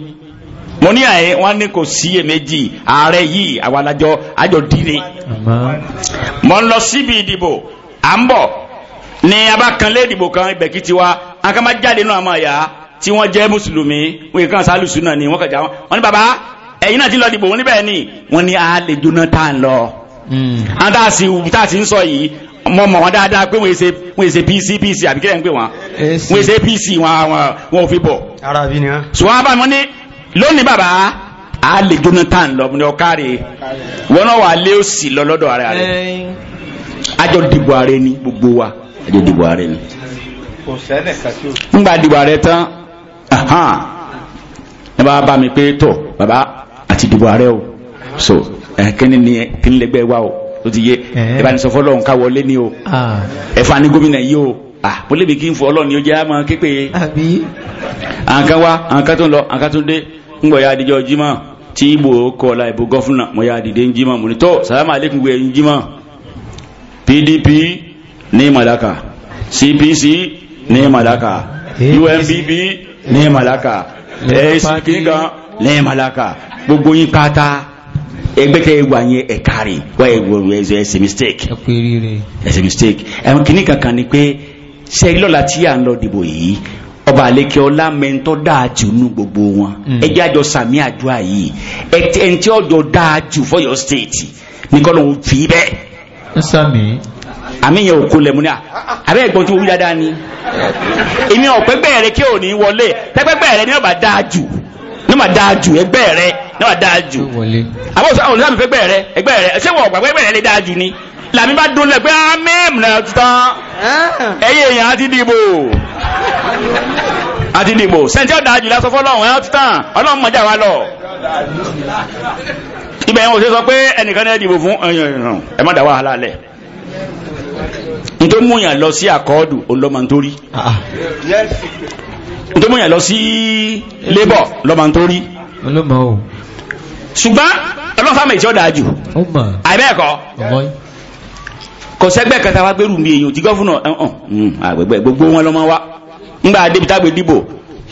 mo ní àyè wọ́n ní kò síyèméjì ààrẹ yìí àwa lájọ àjọ díire mo ń lọ síbi ìdìbò à ń bọ̀ ní abákanlé ìdìbò kan ibẹ̀ kí akamajáde náà máa yà á tí wọ́n jẹ́ mùsùlùmí wọ́n yìí kan sálùsù náà ni wọ́n kàn já wọ́n ní bàbá ẹ̀yin náà ti lọ dìbò wọn níbẹ̀ ni wọ́n ní alẹ́ Jonathan lọ. Hmm. àwọn tá si sì wù tá a sì ń sọ yìí mọ mọ wọn dáadáa pé wọn èsè pc pc àbí kílẹ̀ ń pè wọn wọn èsè pc wọn ò fi bọ̀. arabi ni wọn. sùwọ́n abá wọn ní lónìí bàbá a lè Jonathan lọ ní ọkàrẹ wọn náà wà lé òsì lọ lọ́dọ̀ ara rẹ̀ àjọ dìbò ààrẹ ni gbogbo wa àjọ dìbò ààrẹ ni. kò sẹ́nẹ̀ kàtó. ń gba dìbò ààrẹ tán ẹ bá bá mi pé tó bàbá àti ìdìbò ààrẹ o so kíni ni kíni lẹgbẹ wa o tó ti yé eh. ẹ bá ní wọlé o ah. ní gómìnà yìí o bólé bí kí n fọ ni képe wá àǹkan tó ń lọ tó ń dé ń gbọ̀ jimá tí ibo gọ́fúnà PDP ní Madaka CPC ní Madaka. UNPP lẹ́yìn malaka, ẹ̀ẹ́sì kìnìkan lẹ́yìn malaka, gbogbo yín pátá ẹgbẹ́ tẹ wà yẹn ẹ̀ka rè wá ẹ̀wọ̀ mistake ẹ̀sẹ̀ mistake ẹ̀wọ̀n kìnìkan kan ni pé ṣe lọ́la tí à ń lọ dìbò yìí ọba àlekè ọlá mẹ́ńtọ́ dáàjù nú gbogbo wọn mm. ẹjẹ́ àjọ sàmì àdúrà yìí ẹ̀ntì ọjọ́ dáàjù for your state ní kọ́ ló ń fi bẹ́ẹ̀. ẹ sàmì àmì yẹn ò kó lẹ̀ mú ní à àbẹ́ ẹ̀gbọ́n tí wọ́n wí dáadáa ni èmi ọ̀pẹ́ bẹ̀rẹ̀ kí ò ní wọlé tẹ́pẹ́ bẹ̀rẹ̀ ní ọ̀bà dáa jù ní ọ̀bà dáa jù ẹgbẹ́ rẹ ní ọ̀bà dáa jù àbọ̀ sọ àwọn olùsàmì fẹ́ bẹ̀rẹ̀ ẹgbẹ́ rẹ ṣé wọ́n ọ̀gbà bẹ̀rẹ̀ lè dáa jù ni làmì bá dún lẹ́gbẹ́ amẹ́m náà tán ah. ẹ̀yẹ èèyàn àti dìbò àti dìbò sẹ́ńtì ọ̀dà jù lásán fọlọ́run ẹ̀ tán ọlọ́run mọ̀jà wa lọ ibẹ̀ yẹn ò ṣe sọ pé ẹnìkan náà dìbò fún ẹ̀yàn ẹ̀ má dá wàhálà lẹ̀ n tó mú yàn lọ sí àkọọ́dù olómantórí ah. n tó mú yàn lọ sí labour lọ́mantórí ṣùgbọ́n ọlọ́fàmì ìṣọ́ dájú àìbẹ́ẹ̀kọ́ kò sẹ́gbẹ́ kẹta wá gbẹ́rù mi èyàn tí gọ́fúnà ẹ̀hàn àgbẹ̀gbẹ̀ gbogbo wọn lọ́mọ wá ńgbà débi tágbè dìbò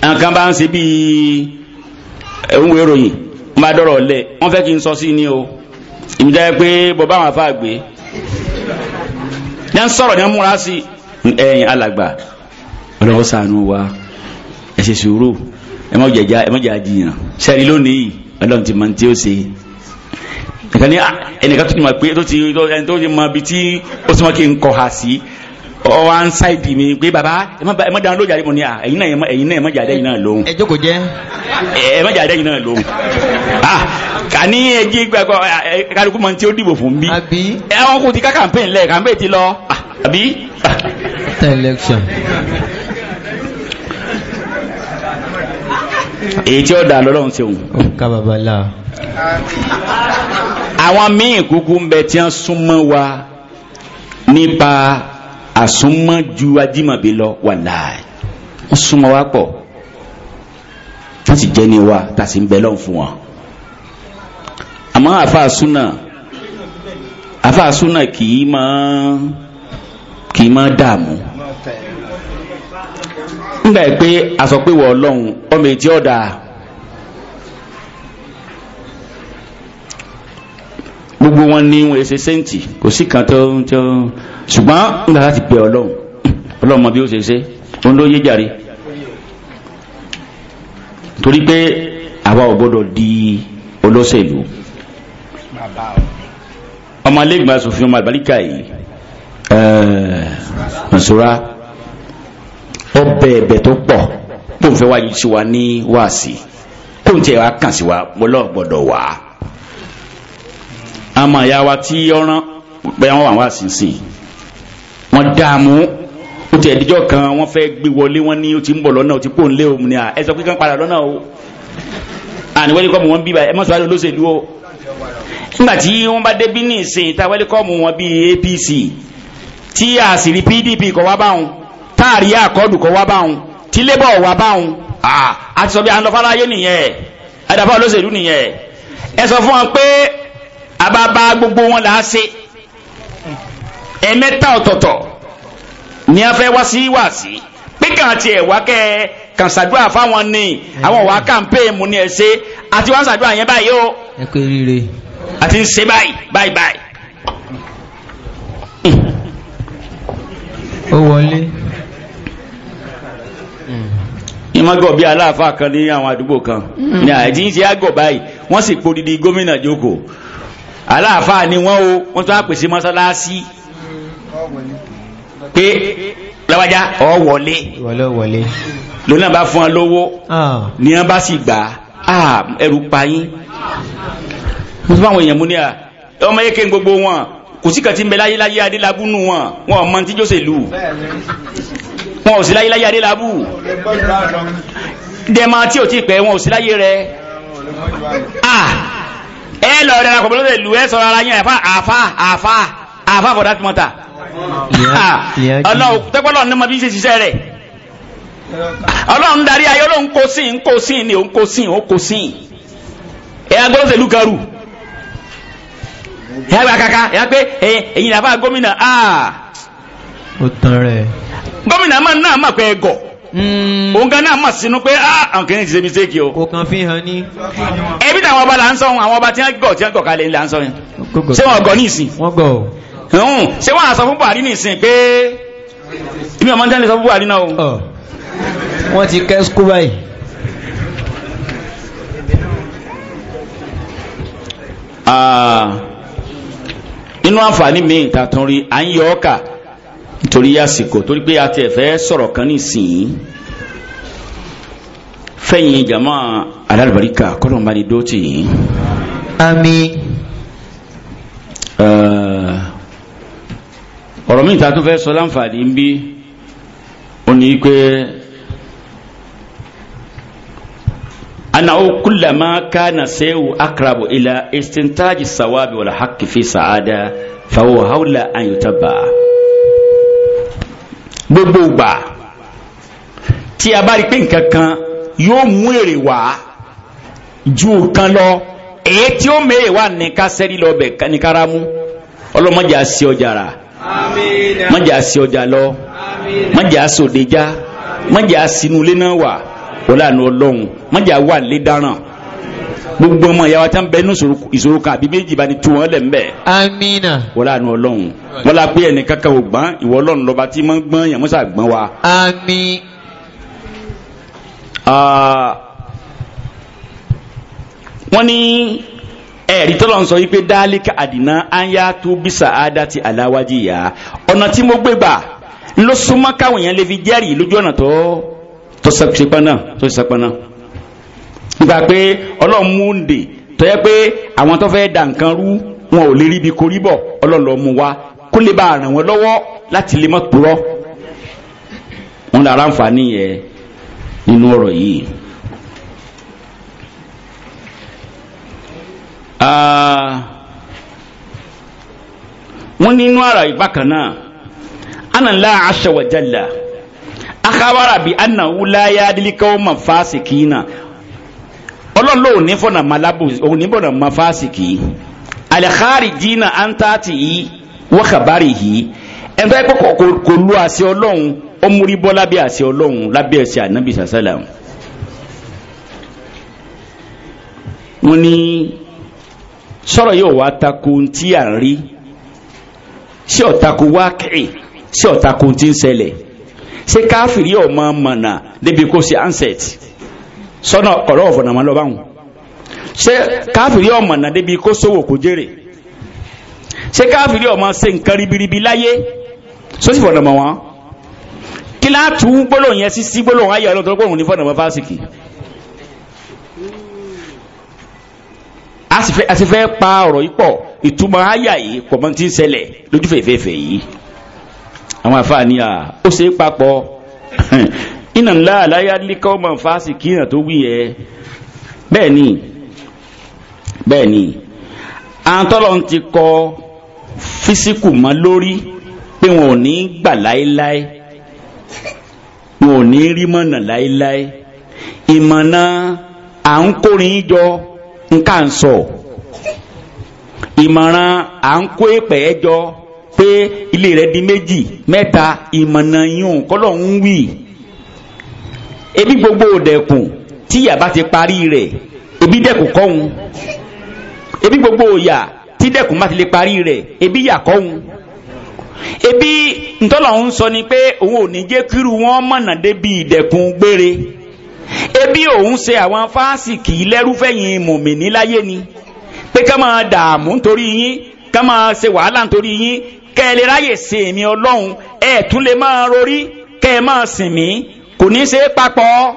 àwọn kan bá ń ṣe bíi ẹ̀hún ìròyìn ń bá dọ̀rọ̀ lẹ̀ wọ́n fẹ́ kí n sọ sí ni o ìmìdáyẹ pé bọ̀bá àwọn afá gbé ń sọ̀rọ̀ ní múra sí ẹ̀yìn alàgbà ọlọ́wọ́ sànú wa ẹ sùúrù ẹ má jẹjà lónìí ọlọ́run ti mọ tí ó ṣe ẹ̀ka ní ẹnìkan tó ti mọ̀ pé tó ti ẹni tó tí ó sì kí n kọ́ ha sí ọ wa ń ṣáìdì mi pé baba ẹ má dáná ló jáde mo ní à ẹ̀yin náà ẹ̀yin náà ẹ má jáde ẹ̀yin náà lóhùn. ẹ jókòó jẹ. ẹ má jáde ẹ̀yin náà lóhùn. kà ní ẹjí gbàgbọ́ kálukú mọ tí ó dìbò fún bí. àbí. ẹ wọn kò ti ká campaign lẹ campaign ti lọ àbí. election. èyí tí ó dà lọ́lọ́run ṣeun. ká baba la. àwọn míì kúkú ń bẹ tí wọ́n súnmọ́ wa nípa àsúnmọ́ ju ajímọ̀bí lọ wàláhì wọ́n súnmọ́ wa pọ̀ wọ́n sì jẹ́ ní wa tá a sì ń bẹ lọ́n fún wọn. àmọ́ àfáà súnà àfáà súnà kì í máa kì í máa dààmú pé a pé wọ́n ọlọ́run ọmọ èjì ọ̀dà gbogbo wọn ní wọn ṣe sẹ́ǹtì kò sí kan tó ń tó ṣùgbọ́n ń láti bẹ ọlọ́run ọlọ́run mọ bí ó ṣe ṣe òun ló yé jàre torí pé àwa ò gbọdọ̀ di olóṣèlú ọmọlẹ́gbẹ̀ẹ́ asòfin ọmọ àbáríkà yìí eh, Mansura ọbẹ̀ ẹ̀bẹ̀ tó pọ̀ tó ń fẹ́ wáyé sí wa ní wáàsí tó ń tẹ̀ wá kàn sí wa mo lọ́ọ̀ gbọ́dọ̀ wàá. Ama ìyá wa tí ọ̀ràn bẹ́ẹ̀ wọ́n wà wá sínsìn wọ́n dààmú ó ti ẹ̀díjọ́ kan wọ́n fẹ́ gbé wọlé wọn ní ó ti ń bọ̀ lọ́nà ó ti pò ń lé òun ni à ẹ sọ pé kán padà lọ́nà o àní wẹ́lẹ́ kọ́mù wọn bí báyìí ẹ mọ̀ sọ́wọ́n olóṣèlú o nígbà tí wọ́n bá dé bí ní ìsìn ta wẹ́lẹ́ kọ́mù wọn bí APC tí àṣírí PDP kọ́ wá báwọn táàrí àkọ́dù kọ́ wá báwọn tí labour wá báwọn àti sọ bí à nìyẹn àdàfà olóṣèlú nìyẹn ẹ sọ fún wọn pé ababa gbogbo wọn là á ṣe ẹ̀mẹ́ta ọ̀tọ̀ọ̀tọ̀ ni a fẹ́ wá sí wá sí pé kàn tiẹ̀ wá kẹ́ ẹ kàn ṣàdúrà fáwọn ni àwọn wá kàǹpé mu ni ẹ ṣe àti wọn ṣàdúrà yẹn báyìí o. ẹ pé rire. àti ń ṣe báyìí báyìí báyìí. ó wọlé. ìmọ̀gọ̀ bíi aláàfáà kan ní àwọn àdúgbò kan mm. ní àìjíǹde àgọ̀ báyìí wọ́n sì pò gómìnà jókòó aláàfáà ni wọ́n o wọ́n tún àpèsè mọ́sálásí pé lọ́wọ́já ọ wọlé lónà bá fún ọ lówó ní wọ́n bá sì gbà á ẹrù payín mo tún báwọn èèyàn mú ní à ọmọ yékè gbogbo wọn kò sí kàtí mbẹ láyéláyé adélábù nù wọn wọn ò mọ tí jọ́sẹ̀lù wọn ò sí láyéláyé adélábù dẹ́mà tí ò tí pẹ́ wọn ò sí láyé rẹ̀ ah ẹ lọ rẹ̀ àpapọ̀ lọ́dẹ̀ ìlú ẹ sọ̀rọ̀ ara yẹn àfà àfà for that matter ah, ọlọ́run tẹ́pọ́lọ́ ní Allah, bí ṣe ṣiṣẹ́ rẹ̀ ọlọ́run darí ayé Allah kò sí ń kò sí ni òun kò sí òun kò sí ẹ agbọ́dọ̀ tẹ̀lú garu ẹ gba kaka ẹ pé ẹ̀yin ah ó tán rẹ̀ gómìnà máa ń go. Hmm. òun gan náà mọ̀ sínú pé ah, àwọn kìíní ti ṣe mistake o. kò kàn fi hàn ní. ẹbí táwọn ọba là ń sọ àwọn ọba tí wọ́n gọ̀ tí wọ́n gọ̀ kalẹ̀ là ń sọ yẹn. ṣé wọ́n gọ̀ ní ìsìn. wọ́n gọ̀ o. Hmm. ṣé wọ́n á sọ fún Buhari ní ìsìn pé ibi ọmọ jẹ́ sọ fún Buhari náà o. wọ́n ti kẹ́ skú báyìí. Ah. inú àǹfààní mi ìtàtún rí à ń yọ ọ́ kà torí àsìkò torí pé a tiẹ̀ fẹ́ sọ̀rọ̀ kan nísìnyí fẹ́yìn jama alalibarika kọ́lọ́mbani dó tì yín. àmín. ọ̀rọ̀ mi ta tún fẹ́ sọ láǹfààní ń bí ó ní pé annahu kullama kana sayu akrabu ila istintaji sawabi wal haqqi sa'ada fa hawla an yutabba gbogbo ìgbà tí a bá rí pé nǹkan kan yóò mú èrè wá ju kan lọ èyí tí ó mèrè wá ní ká sẹ́rí lọ bẹ̀ ní kára mú ọlọ́mọdé àṣì ọjà rà mọdé àṣì ọjà lọ mọdé àṣì òdejá mọdé àṣì inú ilé náà wà wọlé ọlọ́run mọdé àwà lé dáràn gbogbo ọmọ ìyá wa tán bẹ ní ìṣòro kan àbí méjì bá ní tu wọn lẹ̀ ń bẹ̀. amina. wọ́n lànà ọlọ́run wọ́n la pé ẹnìkan kan ò gbọ́n ìwọ ọlọ́run lọ́ba tí mọ́ gbọ́n yẹn mọ́sà gbọ́n wa. àmín. wọ́n ní ẹ̀rí tọ́lọ̀ ń sọ yí pé dálíkà àdínà áyá tó bísà ádá ti aláwájì yá ọ̀nà tí mo gbé gbà ló súnmọ́ káwọn èèyàn lè fi jẹ́rìí lójú ọ̀nà tó tó sẹ́pẹ́ náà tó sẹ́pẹ́ náà nígbà pé ọlọ́run mú un dè tó yẹ pé àwọn tó fẹ́ dà nǹkan rú wọn ò lè rí ibi korí bọ̀ ọlọ́run ló mú wa kó lè bá ràn wọ́n lọ́wọ́ láti lè mọ́ purọ́ wọn lára ń fa níyẹn nínú ọ̀rọ̀ yìí. wọ́n nínú ara ìbákan náà anàlá aṣọ wàjálà akhabara bi annahu la yadili qawman fasikina ọlọ́run lòun ní fọ̀nà malabu òun ní fọ̀nà mafásìkì alẹ́kárì jìnnà antaati yìí wọ́kàbárì yìí ẹ̀ńtọ́ ẹ̀ kò kò lu àṣẹ ọlọ́run ó múrí bọ́ lábẹ́ àṣẹ ọlọ́run lábẹ́ ẹ̀ṣẹ̀ ànábì sàṣẹ́là. wọ́n ní sọ̀rọ̀ yóò wá tako tí à ń rí ṣé ọ̀tako wá kẹ́ẹ̀ ọ̀tako ti ń ṣẹlẹ̀ ṣé káfíìrì ọmọ mọ̀nà débi kó ṣe ansẹ̀tì sọ́nà kọ̀lọ́ ọ̀fọ̀nàmọ́ lọ Se ṣé káfìrí ọmọ náà débi kó sówò kó jèrè ṣé káfìrí ọmọ ṣe nǹkan ribiribi láyé sósì fọ̀nàmọ́ wọn kí láàtú gbólóhùn yẹn sí sí gbólóhùn ayé ọlọ́tọ́ gbólóhùn ní fọ̀nàmọ́ fásitì a sì fẹ́ pa ọ̀rọ̀ yìí pọ̀ ìtumọ̀ àyà yìí pọ̀ lójú fèfèèfè yìí àwọn àfààní à ó ṣe é *laughs* iná ńlá aláyálíkọ́ ọmọ fásì kina tó wí ẹ bẹ́ẹ̀ ni bẹ́ẹ̀ ni an àtọ́lọ́ ti kọ físíkù mọ́ lórí pé wọn ò ní gbà láéláé wọn ò ní rí mọ̀nà láéláé ìmọ̀nà à ń kórin jọ nǹka ń sọ ìmọ̀ràn à ń kó èpè jọ pé ilé rẹ di méjì mẹ́ta ìmọ̀nà yìí kọ́lọ̀ ń wí. ebi gbogbo dẹ̀kùn tí ìyà bá ti parí rẹ̀ ebi dẹ̀kùn kọ́hun ebi gbogbo ìyà tí dẹ̀kùn bá ti lè parí rẹ̀ ebi ìyà kọ́hun ebi ntọ́lọ̀ ń sọ ni pé òun ò ní jẹ́ kírú wọn mọ̀nà débi ìdẹ̀kùn gbére ebi òun ṣe àwọn fásìkì lẹ́rúfẹ̀yìn mòmìnì láyé ni pé ká máa dààmú nítorí yín ká máa ṣe wàhálà nítorí yín kẹ́ ẹ lè ráyè sèmi ọlọ́run ẹ̀ lè máa rorí kẹ́ ẹ máa sìn mí kò ní ṣe é papọ̀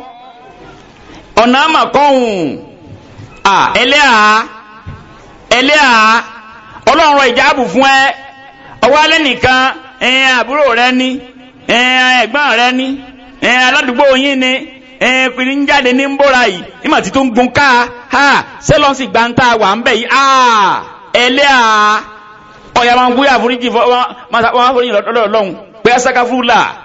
ọ̀nà àmàkọ́hùn à ẹlẹ́à ẹlẹ́à ọlọ́run rọ ìjáàbù fún ẹ ọwọ́ alẹ́ nìkan rẹ ni ẹ̀ẹ́n ẹ̀gbọ́n rẹ ni ẹ̀ẹ́n aládùúgbò yín ni pìrì ń jáde ní ń bóra yìí tí tó ń ha sẹ́lọ́nsì wà ń bẹ̀ yìí ẹlẹ́à ọ̀yà máa ń gbé àforíjì máa ń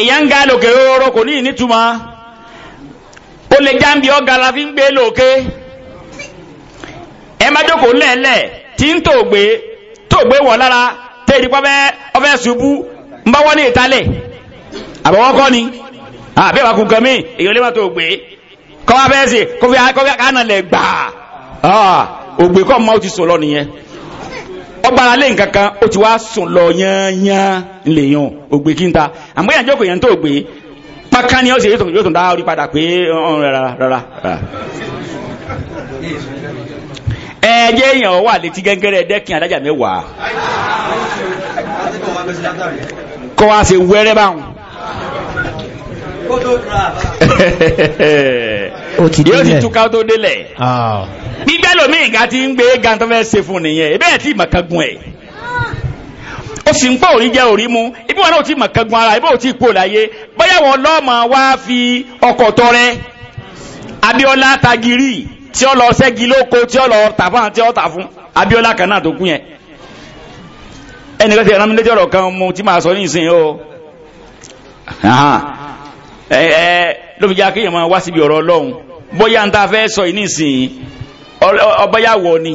èyàn ń ga lòkè rọrọ kò ní ìnítumọ̀ ó lè jáǹbi ọ̀gá la fi ń gbé lòkè ẹ má jókòó lẹ́ẹ̀lẹ́ tí ń tòògbé tòògbé wọ̀ lára tẹ́ ìdípọ́ bẹ́ẹ́ ọbẹ̀ ṣubú ń bá wọ́n ní ìtalẹ̀ àbọ̀wọ́ kọ́ ni àbí ìwà èyí lè ọgbàrá lé nǹkan kan ó ti wá sùn lọ yányán lèèyàn ògbé kí n ta àmọ́ ìyànjọ kò yẹn tó gbé pákán ni ó sì yóò tún dá orí padà pé ọ̀hún rárá rárá. ẹ jẹ́ èèyàn wà létí gẹ́gẹ́rẹ́ dẹ́kin adájà mẹ́wàá kọ́ wa ṣe wẹ́rẹ́ báwọn. *laughs* ó ti délẹ̀ yóò ti túká tó délẹ̀. ẹlòmíì ga ti ń gbé gan tó fẹ́ fún nìyẹn ebe ẹ̀ e ti màkàgùn ẹ̀ e. sì ń pọ̀ òrí mu ibi wọn náà ti màkàgùn ara ibi ò tí kú láyé bóyá wọn lọ́ọ̀mọ̀ wá fi ọkọ̀ tọrẹ abiola tagiri tí ó lọ ṣẹ́gi lóko tí ó lọ tà fún àti ó fún abiola kan náà tó kú yẹn ti e kan mu ti sọ ní o lóbi jẹ́ akéèyàn máa wá síbi ọ̀rọ̀ Ọlọ́run bóyá ta fẹ́ sọ yìí ọbẹ̀yàwó ni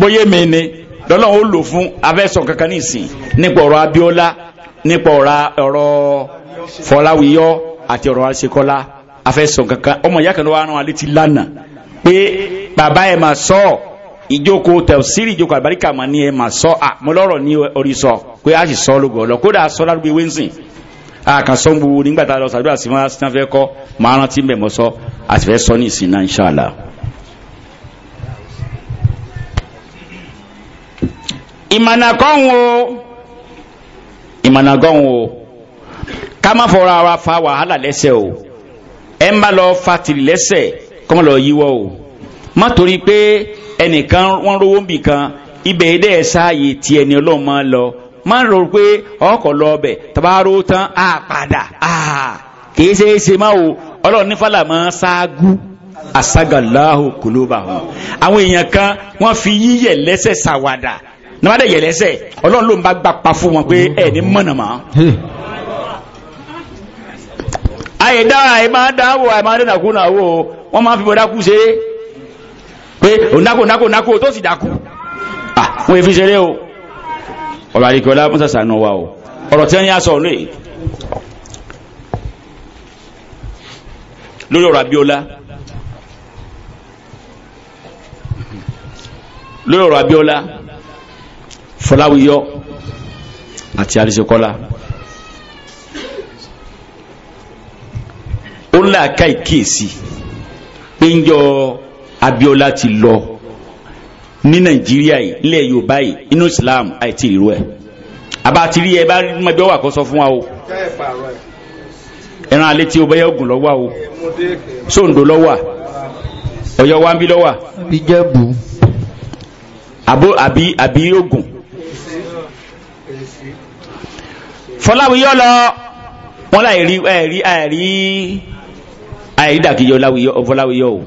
bóyá mi ni lọ́lọ́run ó lò fún afẹ́sọ̀ kankan ní ìsìn nípa ọ̀rọ̀ Abíọ́lá nípa ọ̀rọ̀ Fọláwíyọ àti ọ̀rọ̀ Àṣekọ́lá afẹ́sọ̀ kankan ọmọ ìyá kan ló wá rán wa létí lánàá pé bàbá ẹ̀ máa sọ ìjókòó tẹ̀síìrì ìjókòó àbáríkà máa ní ẹ̀ máa sọ àmọ́lọ́rọ̀ ní orí sọ pé a sì sọ lógo ọ̀lọ́ kódà sọ lárúgbó ewé ń sìn àkànṣọ́ gbogbo nígbà tá a lọ sàdúrà sí wọn á sì fẹ́ kọ́ máa rántí mẹ́mọ́ sọ àti fẹ́ sọ ní ìsìn náà inṣàlá. ìmọ̀nàkọ́hún ká má fọra ara fa wàhálà lẹ́sẹ̀ o ẹ bá lọ fatìrì lẹ́sẹ̀ kọ́ má lọ yíwọ́ o má torí pé ẹnìkan wọ́n rówó ń bì kan ibẹ̀ yìí dẹ́ sáàyè ẹni ọlọ́run máa lọ má rò pé ọkọ̀ lọ ọbẹ̀ tabaró tán á padà kìí ṣe é ṣe má o ọlọ́run nífàlà máa ṣáágú fi lẹ́sẹ̀ náà dẹ̀ yẹ̀lẹ́sẹ̀ ló ń bá gbà pa fún wọn pé ẹ̀ ní mọ̀nà mọ́. ayé dára máa dá wò ẹ máa dé nàkú náà wò máa fi bọ́ dákú ṣe pé ònàkó ònàkó ònàkó tó sì dákú fi ṣeré o ọ̀rọ̀ àdìkọ́lá mọ́sàsà náà o Ọrọ tí wọ́n sọ ọ̀nà lórí ọ̀rọ̀ Abíọ́lá lórí ọ̀rọ̀ fọláwíyọ àti alisekola ó ń là ká ìkíyèsí pé ń jọ Abíọ́lá ti lọ ní Nàìjíríà yìí nílẹ̀ Yorùbá yìí inú Islam àìtí ìrú ẹ̀ àbátìrí ẹ bá mọ̀bí ọwà kan sọ fún wa o ẹran alẹ́ tí o bẹ́yẹ ogun lọ́wọ́ o sóńdó lọ́wọ́ Ọ̀yọ́ wa ń bí lọ́wọ́ àbí àbí ogun fọláwíyọ́ lọ wọ́n láì rí àìrí àìrí àìrí dàkíyọ́ fọláwíyọ́ o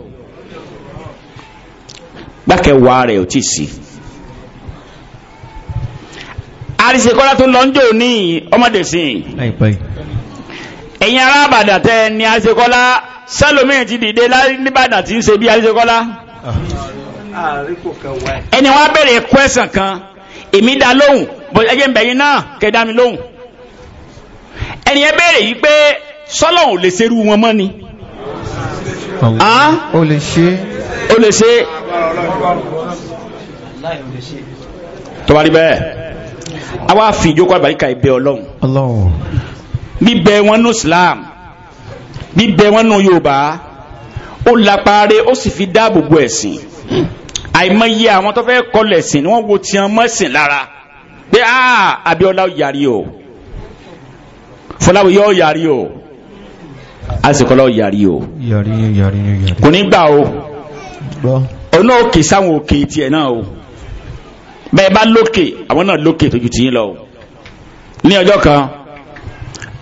gbàkẹ́wàá rẹ̀ ò tí ì sí àrísèkọ́lá tó lọ ń jò ní ọmọdé sí ẹ̀yin ará àbàdà ni àrísèkọ́lá sálòmíì ti dìde níbàdà tí ń ṣe bí àrísèkọ́lá ẹni wọ́n á bèrè kwẹ́sàn kan èmi dá lóhùn ẹgbẹ́ ìbẹ̀yìn náà kẹ́dá mi lóhùn ẹni ẹ béèrè yìí pé sọ́lọ́hùn lè ṣerú wọn mọ́ ni ó lè ṣe ó lè ṣe tó bá rí bẹ́ẹ̀ a fi ìjókòó àbáríkà ìbẹ ọlọ́run bíbẹ wọn ní Islam bíbẹ wọn ní Yorùbá ó lápáre ó sì fi dáàbò bo ẹ̀sìn àìmọye àwọn tó fẹ́ kọlẹ̀ sìn ni wọ́n wo tiẹ̀ mọ́sìn lára pé àbíọ́lá yàrí o fọláwọ yóò yàrí o àsìkọlọ yàrí o kò ní gbà o òun náà òkè sáwọn òkè tiẹ̀ náà o bẹ́ẹ̀ bá lókè àwọn náà lókè tójú tì yín lọ ní ọjọ́ kan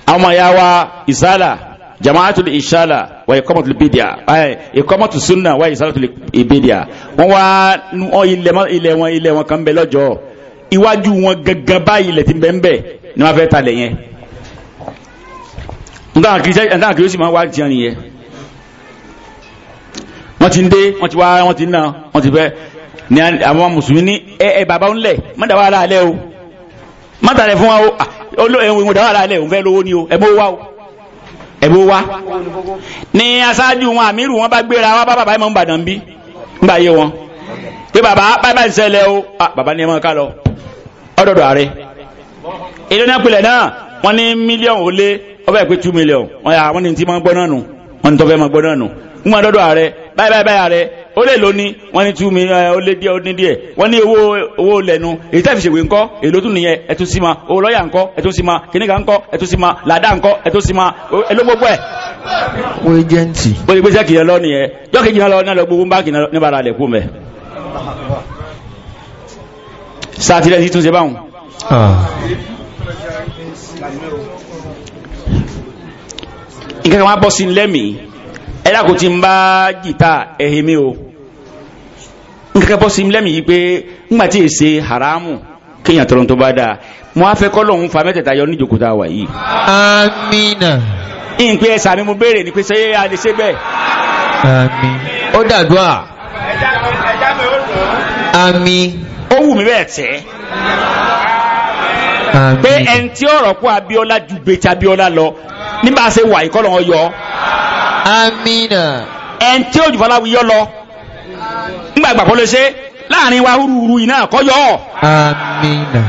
àwọn ọmọ ya wa ìsálà jamaatul ishala wa ikomatul bidia ayi ikomatul sunna wa isalatul ibidia wọn wá ọ ilẹ̀ wọn ilẹ̀ wọn ilẹ̀ wọn kan bẹ lọ́jọ́ iwájú wọn gangan báyìí ilẹ̀ ni wọn fẹ́ ta yẹn nǹkan àkìrí ó sì máa wá jẹun nìyẹn wọ́n ti ń dé wọ́n ti wá wọ́n ti ń nà wọ́n ti fẹ́ ní àwọn mùsùlùmí ní ẹ ẹ bàbá ń lẹ̀ má dà wà á lẹ̀ o má tà lẹ̀ fún wa o olóòwò ìwọ̀n dà wà á lẹ̀ òun fẹ́ lówó ni o ẹ bó wá o ẹ bó wá. ní aṣáájú wọn àmírù wọn bá gbéra wọn bá bàbá yìí mọ̀ ń bàdàn bí ń bá yé wọn pé bàbá bàbá ìṣẹ̀lẹ̀ o ah, bàbá ni ẹ máa ká lọ ọdọọdọ ààrẹ. èdè náà wọ́n ní mílíọ̀nù ó lé ọbẹ̀ pé two million wọ́n yà wọ́n ní ti máa gbọ́ náà nù wọ́n ní tọ́fẹ́ máa gbọ́ náà nù ń máa dọ́dọ̀ ààrẹ báyìí báyìí báyìí ààrẹ ó lè lóní wọ́n ní two million ó lé díẹ̀ ó ní díẹ̀ wọ́n ní owó owó lẹ́nu èyí tẹ́ fi ṣèwé ńkọ́ èló tún nìyẹn ẹ tún sí ma owó lọ́ọ̀yà ńkọ́ ẹ tún sí ma kìnìkà ńkọ́ ẹ tún sí ma làdá ńkọ́ ẹ tún sí ma ẹ ló gbogbo ẹ̀. wọ́n yé jẹ́ǹtì. ó yẹ pé sẹ́kì yẹn lọ nìyẹn jọ́kì yẹn lọ náà lọ gbogbo ń bá kì ní bàrà lẹ̀ kú mẹ́. sátidẹ́sì tún ṣe báwọn. Ah nǹkan kan wá bọ́ sí lẹ́mìí ẹ dákun ti ń bá jìtá ẹ̀hìn o nǹkan kan lẹ́mìí yìí pé ńgbà tí èsè haramu kéèyàn tọrọ tó bá dáa mo á fẹ́ kọ́ lóun fa mẹ́tẹ̀ẹ̀ta yọ níjókòó tá a wà yìí. amina. ìpè ẹ̀sà mi mo béèrè ni pé ṣé a lè ṣe bẹ́ẹ̀. àmín. ó dàdúrà. àmín. ó wù mí bẹ́ẹ̀ tẹ́ pé ẹni tí ọ̀rọ̀ kó Abíọ́lá ju bẹ́tẹ̀ Abíọ́lá lọ nígbà se wà ìkọlọ wọn yọ. amina. ẹn tí òjò fọlá wíyọ lọ nígbà gbàgbọ́ lè ṣe láàrin wa hurúhurú iná kọ́ yọ. amina.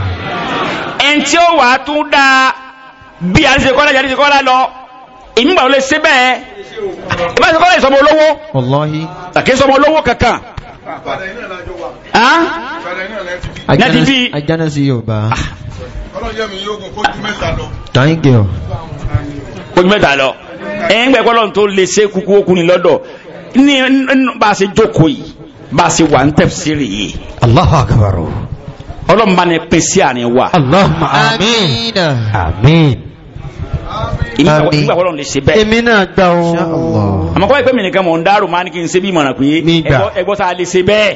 ẹn tí ó wà á tún dá bí àríṣe kọ́lá yàrá ìṣe kọ́lá lọ èmi gbàgbọ́ lè ṣe bẹ́ẹ̀ ìbá ṣe kọ́lá ìsọmọ olówó. wallahi. tàkì sọmọ olówó kankan. ajana sí yorùbá. Ah. thank you ojú mẹ́ta lọ ẹ̀ ń gbẹ́ tó lè ṣe kúkú okùn ní lọ́dọ̀ ní bá a ṣe jókòó yìí bá a ṣe wà ń tẹ̀síìrì yìí. Allahu akbar. ọlọ́run bá ní pín sí àárín wa. Allahumma àmín. àmín. ìgbà kọ́lọ́n lè ṣe bẹ́ẹ̀. èmi náà gbà ó. àmọ́ kọ́ ẹgbẹ́ mi nìkan mọ̀ ń dárò máa ní kí n ṣe bí ìmọ̀ràn pé ẹgbọ́ tá lè ṣe bẹ́ẹ̀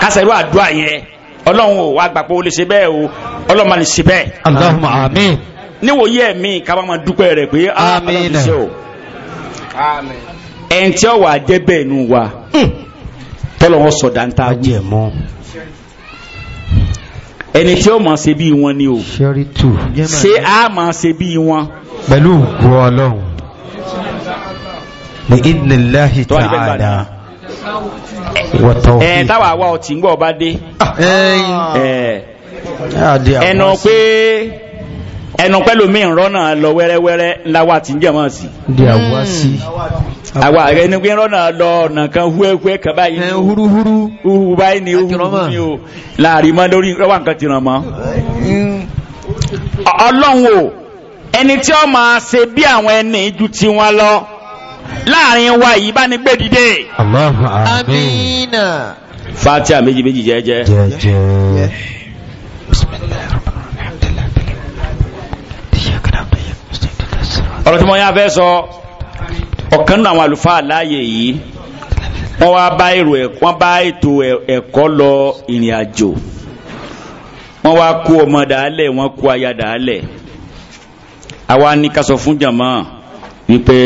kásá irú àdúrà yẹn ọlọ́run ò wá gbà pé ó lè ṣe bẹ́ẹ̀ o ọlọ́run máa lè ṣe bẹ́ẹ̀. Allahumma àmín níwòye ẹ̀mí ká bá máa dúpẹ́ rẹ̀ pé àmín àmín ẹn tí ó wa hmm. tọ́lọ̀ wọn sọ̀dá ń ta wí ẹni tí ó máa ṣe bí wọn ni o ṣé a máa ṣe bí wọn. pẹ̀lú ògùn ọlọ́run ní ìdínláhi tààdà wọ́tọ̀ òfin. ẹ̀ táwa wa ọtí ń gbọ́ ọba dé ah, ẹnu pé ẹnu pẹ́lú mi rọ́nà lọ wẹ́rẹ́wẹ́rẹ́ láwà tí ń jẹ́ máa sí. di àwa sí. Mm. àwa ẹni pé rọ́nà lọ ọ̀nà kan húẹ́húẹ́ kan báyìí. ẹ húrúhúrú. húrú báyìí ni húrú ni o láàrin mọ́ lórí rọ́wà nǹkan ti ràn mọ́. Mm. ọlọ́run o ẹni tí ó máa ṣe bí àwọn ẹni ju tiwọn lọ láàrin wa yìí bá ní gbé dìde. fatia méjì méjì jẹ́jẹ́. jẹ́jẹ́. bismillah. ọ̀rọ̀ tí mo yá fẹ́ sọ ọ̀kan nínú àwọn àlùfáà láàyè yìí wọ́n wá bá èrò ẹ̀ wọ́n bá ètò ẹ̀kọ́ lọ ìrìn àjò wọ́n wá kó ọmọ dàálẹ̀ wọ́n kó aya dàálẹ̀ àwa ní ká sọ fún jàmọ́ wípé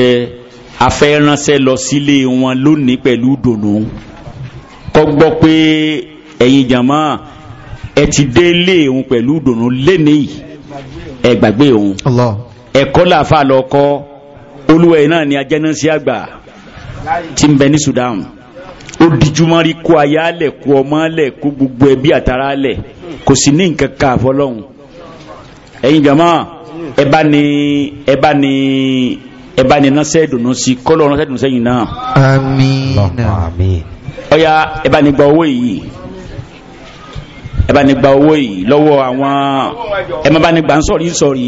a lọ sílé wọn lónìí pẹ̀lú dùnú kọ́ gbọ́ pé ẹ̀yin jàmọ́ ẹ ti dé ilé òun pẹ̀lú dùnú lénìí ẹ gbàgbé òun ẹ̀kọ́ làáfà lọ́kọ́ olúwa yìí náà ni ajẹ́nàsí àgbà tí ń bẹ ní Sudan ó dijúmọ́ rí kó ayálẹ̀ kó ọmọlẹ̀ kó gbogbo ẹbí àtàrà lẹ̀ kò sì ní nǹkan ká àfọlọ́hún ẹ̀yin jama ẹ bá ní ẹ bá ní ẹ bá ní násẹ̀ dùnú sí kọ́lọ́ ọ̀rọ̀ dùnú sẹ́yìn náà. àmín. ọ̀ya ẹ bá ní gba owó yìí ẹ bá ní gba owó yìí lọ́wọ́ àwọn ẹ má bá ní gba ń sọ̀rí sọ̀rí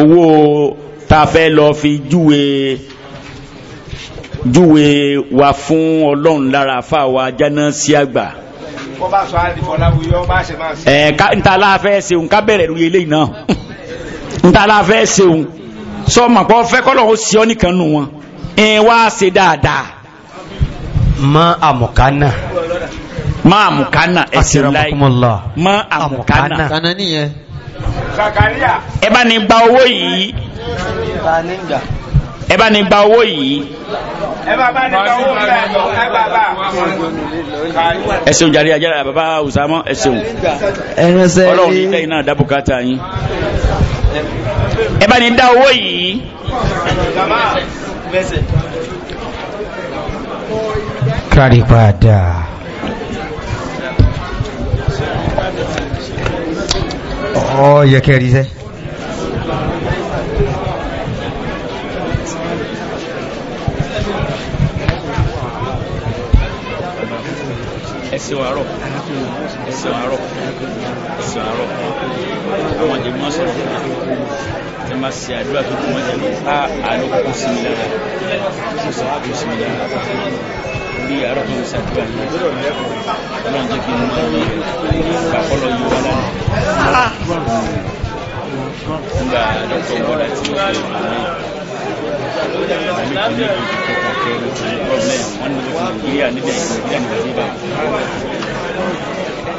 owó tá a fẹ́ lọ fi júwe júwe wa fún ọlọ́run lára fáwa jáná sí àgbà ẹ ká n ta la fẹ́ ṣeun ká bẹ̀rẹ̀ lu eléyìí náà *laughs* n la fẹ́ ṣeun sọ ma kọ́ fẹ́ kọ́ lọ́wọ́ sí ọ nìkan nù wọn ẹ wá ṣe dáadáa. mọ àmọ̀ká ma amukana ẹsẹ lai ma amukana ẹ bá ní gba owó yìí ẹ bá ní gba owó yìí ẹ ṣeun jàre ajara baba usama ẹ ṣeun Ọlọ́run yìí lẹ́yìn náà dábùkátà yín ẹ bá ní dá owó yìí kárí oh, yẹ kẹ́ rí sẹ́ ẹsẹ̀ àárọ̀ ẹsẹ̀ àárọ̀ ẹsẹ̀ àárọ̀ àwọn jẹ mọ́ sọ̀rọ̀ ẹ máa ṣe àdúrà tó kún mọ́jẹ̀ lọ á orí arákùnrin ṣàdúrà yìí ọlọ́run jẹ́ kí n mọ iye ìgbàkọ́lọ̀ yìí wá lánàá nígbà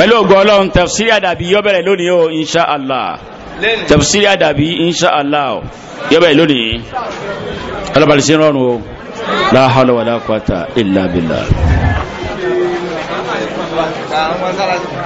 pẹ̀lú ògo ọlọ́run tafsiri àdàbí yóò bẹ̀rẹ̀ lónìí o insha allah tafsiri àdàbí insha allah yóò bẹ̀rẹ̀ lónìí alábàlì sí rọrùn o la hawla wala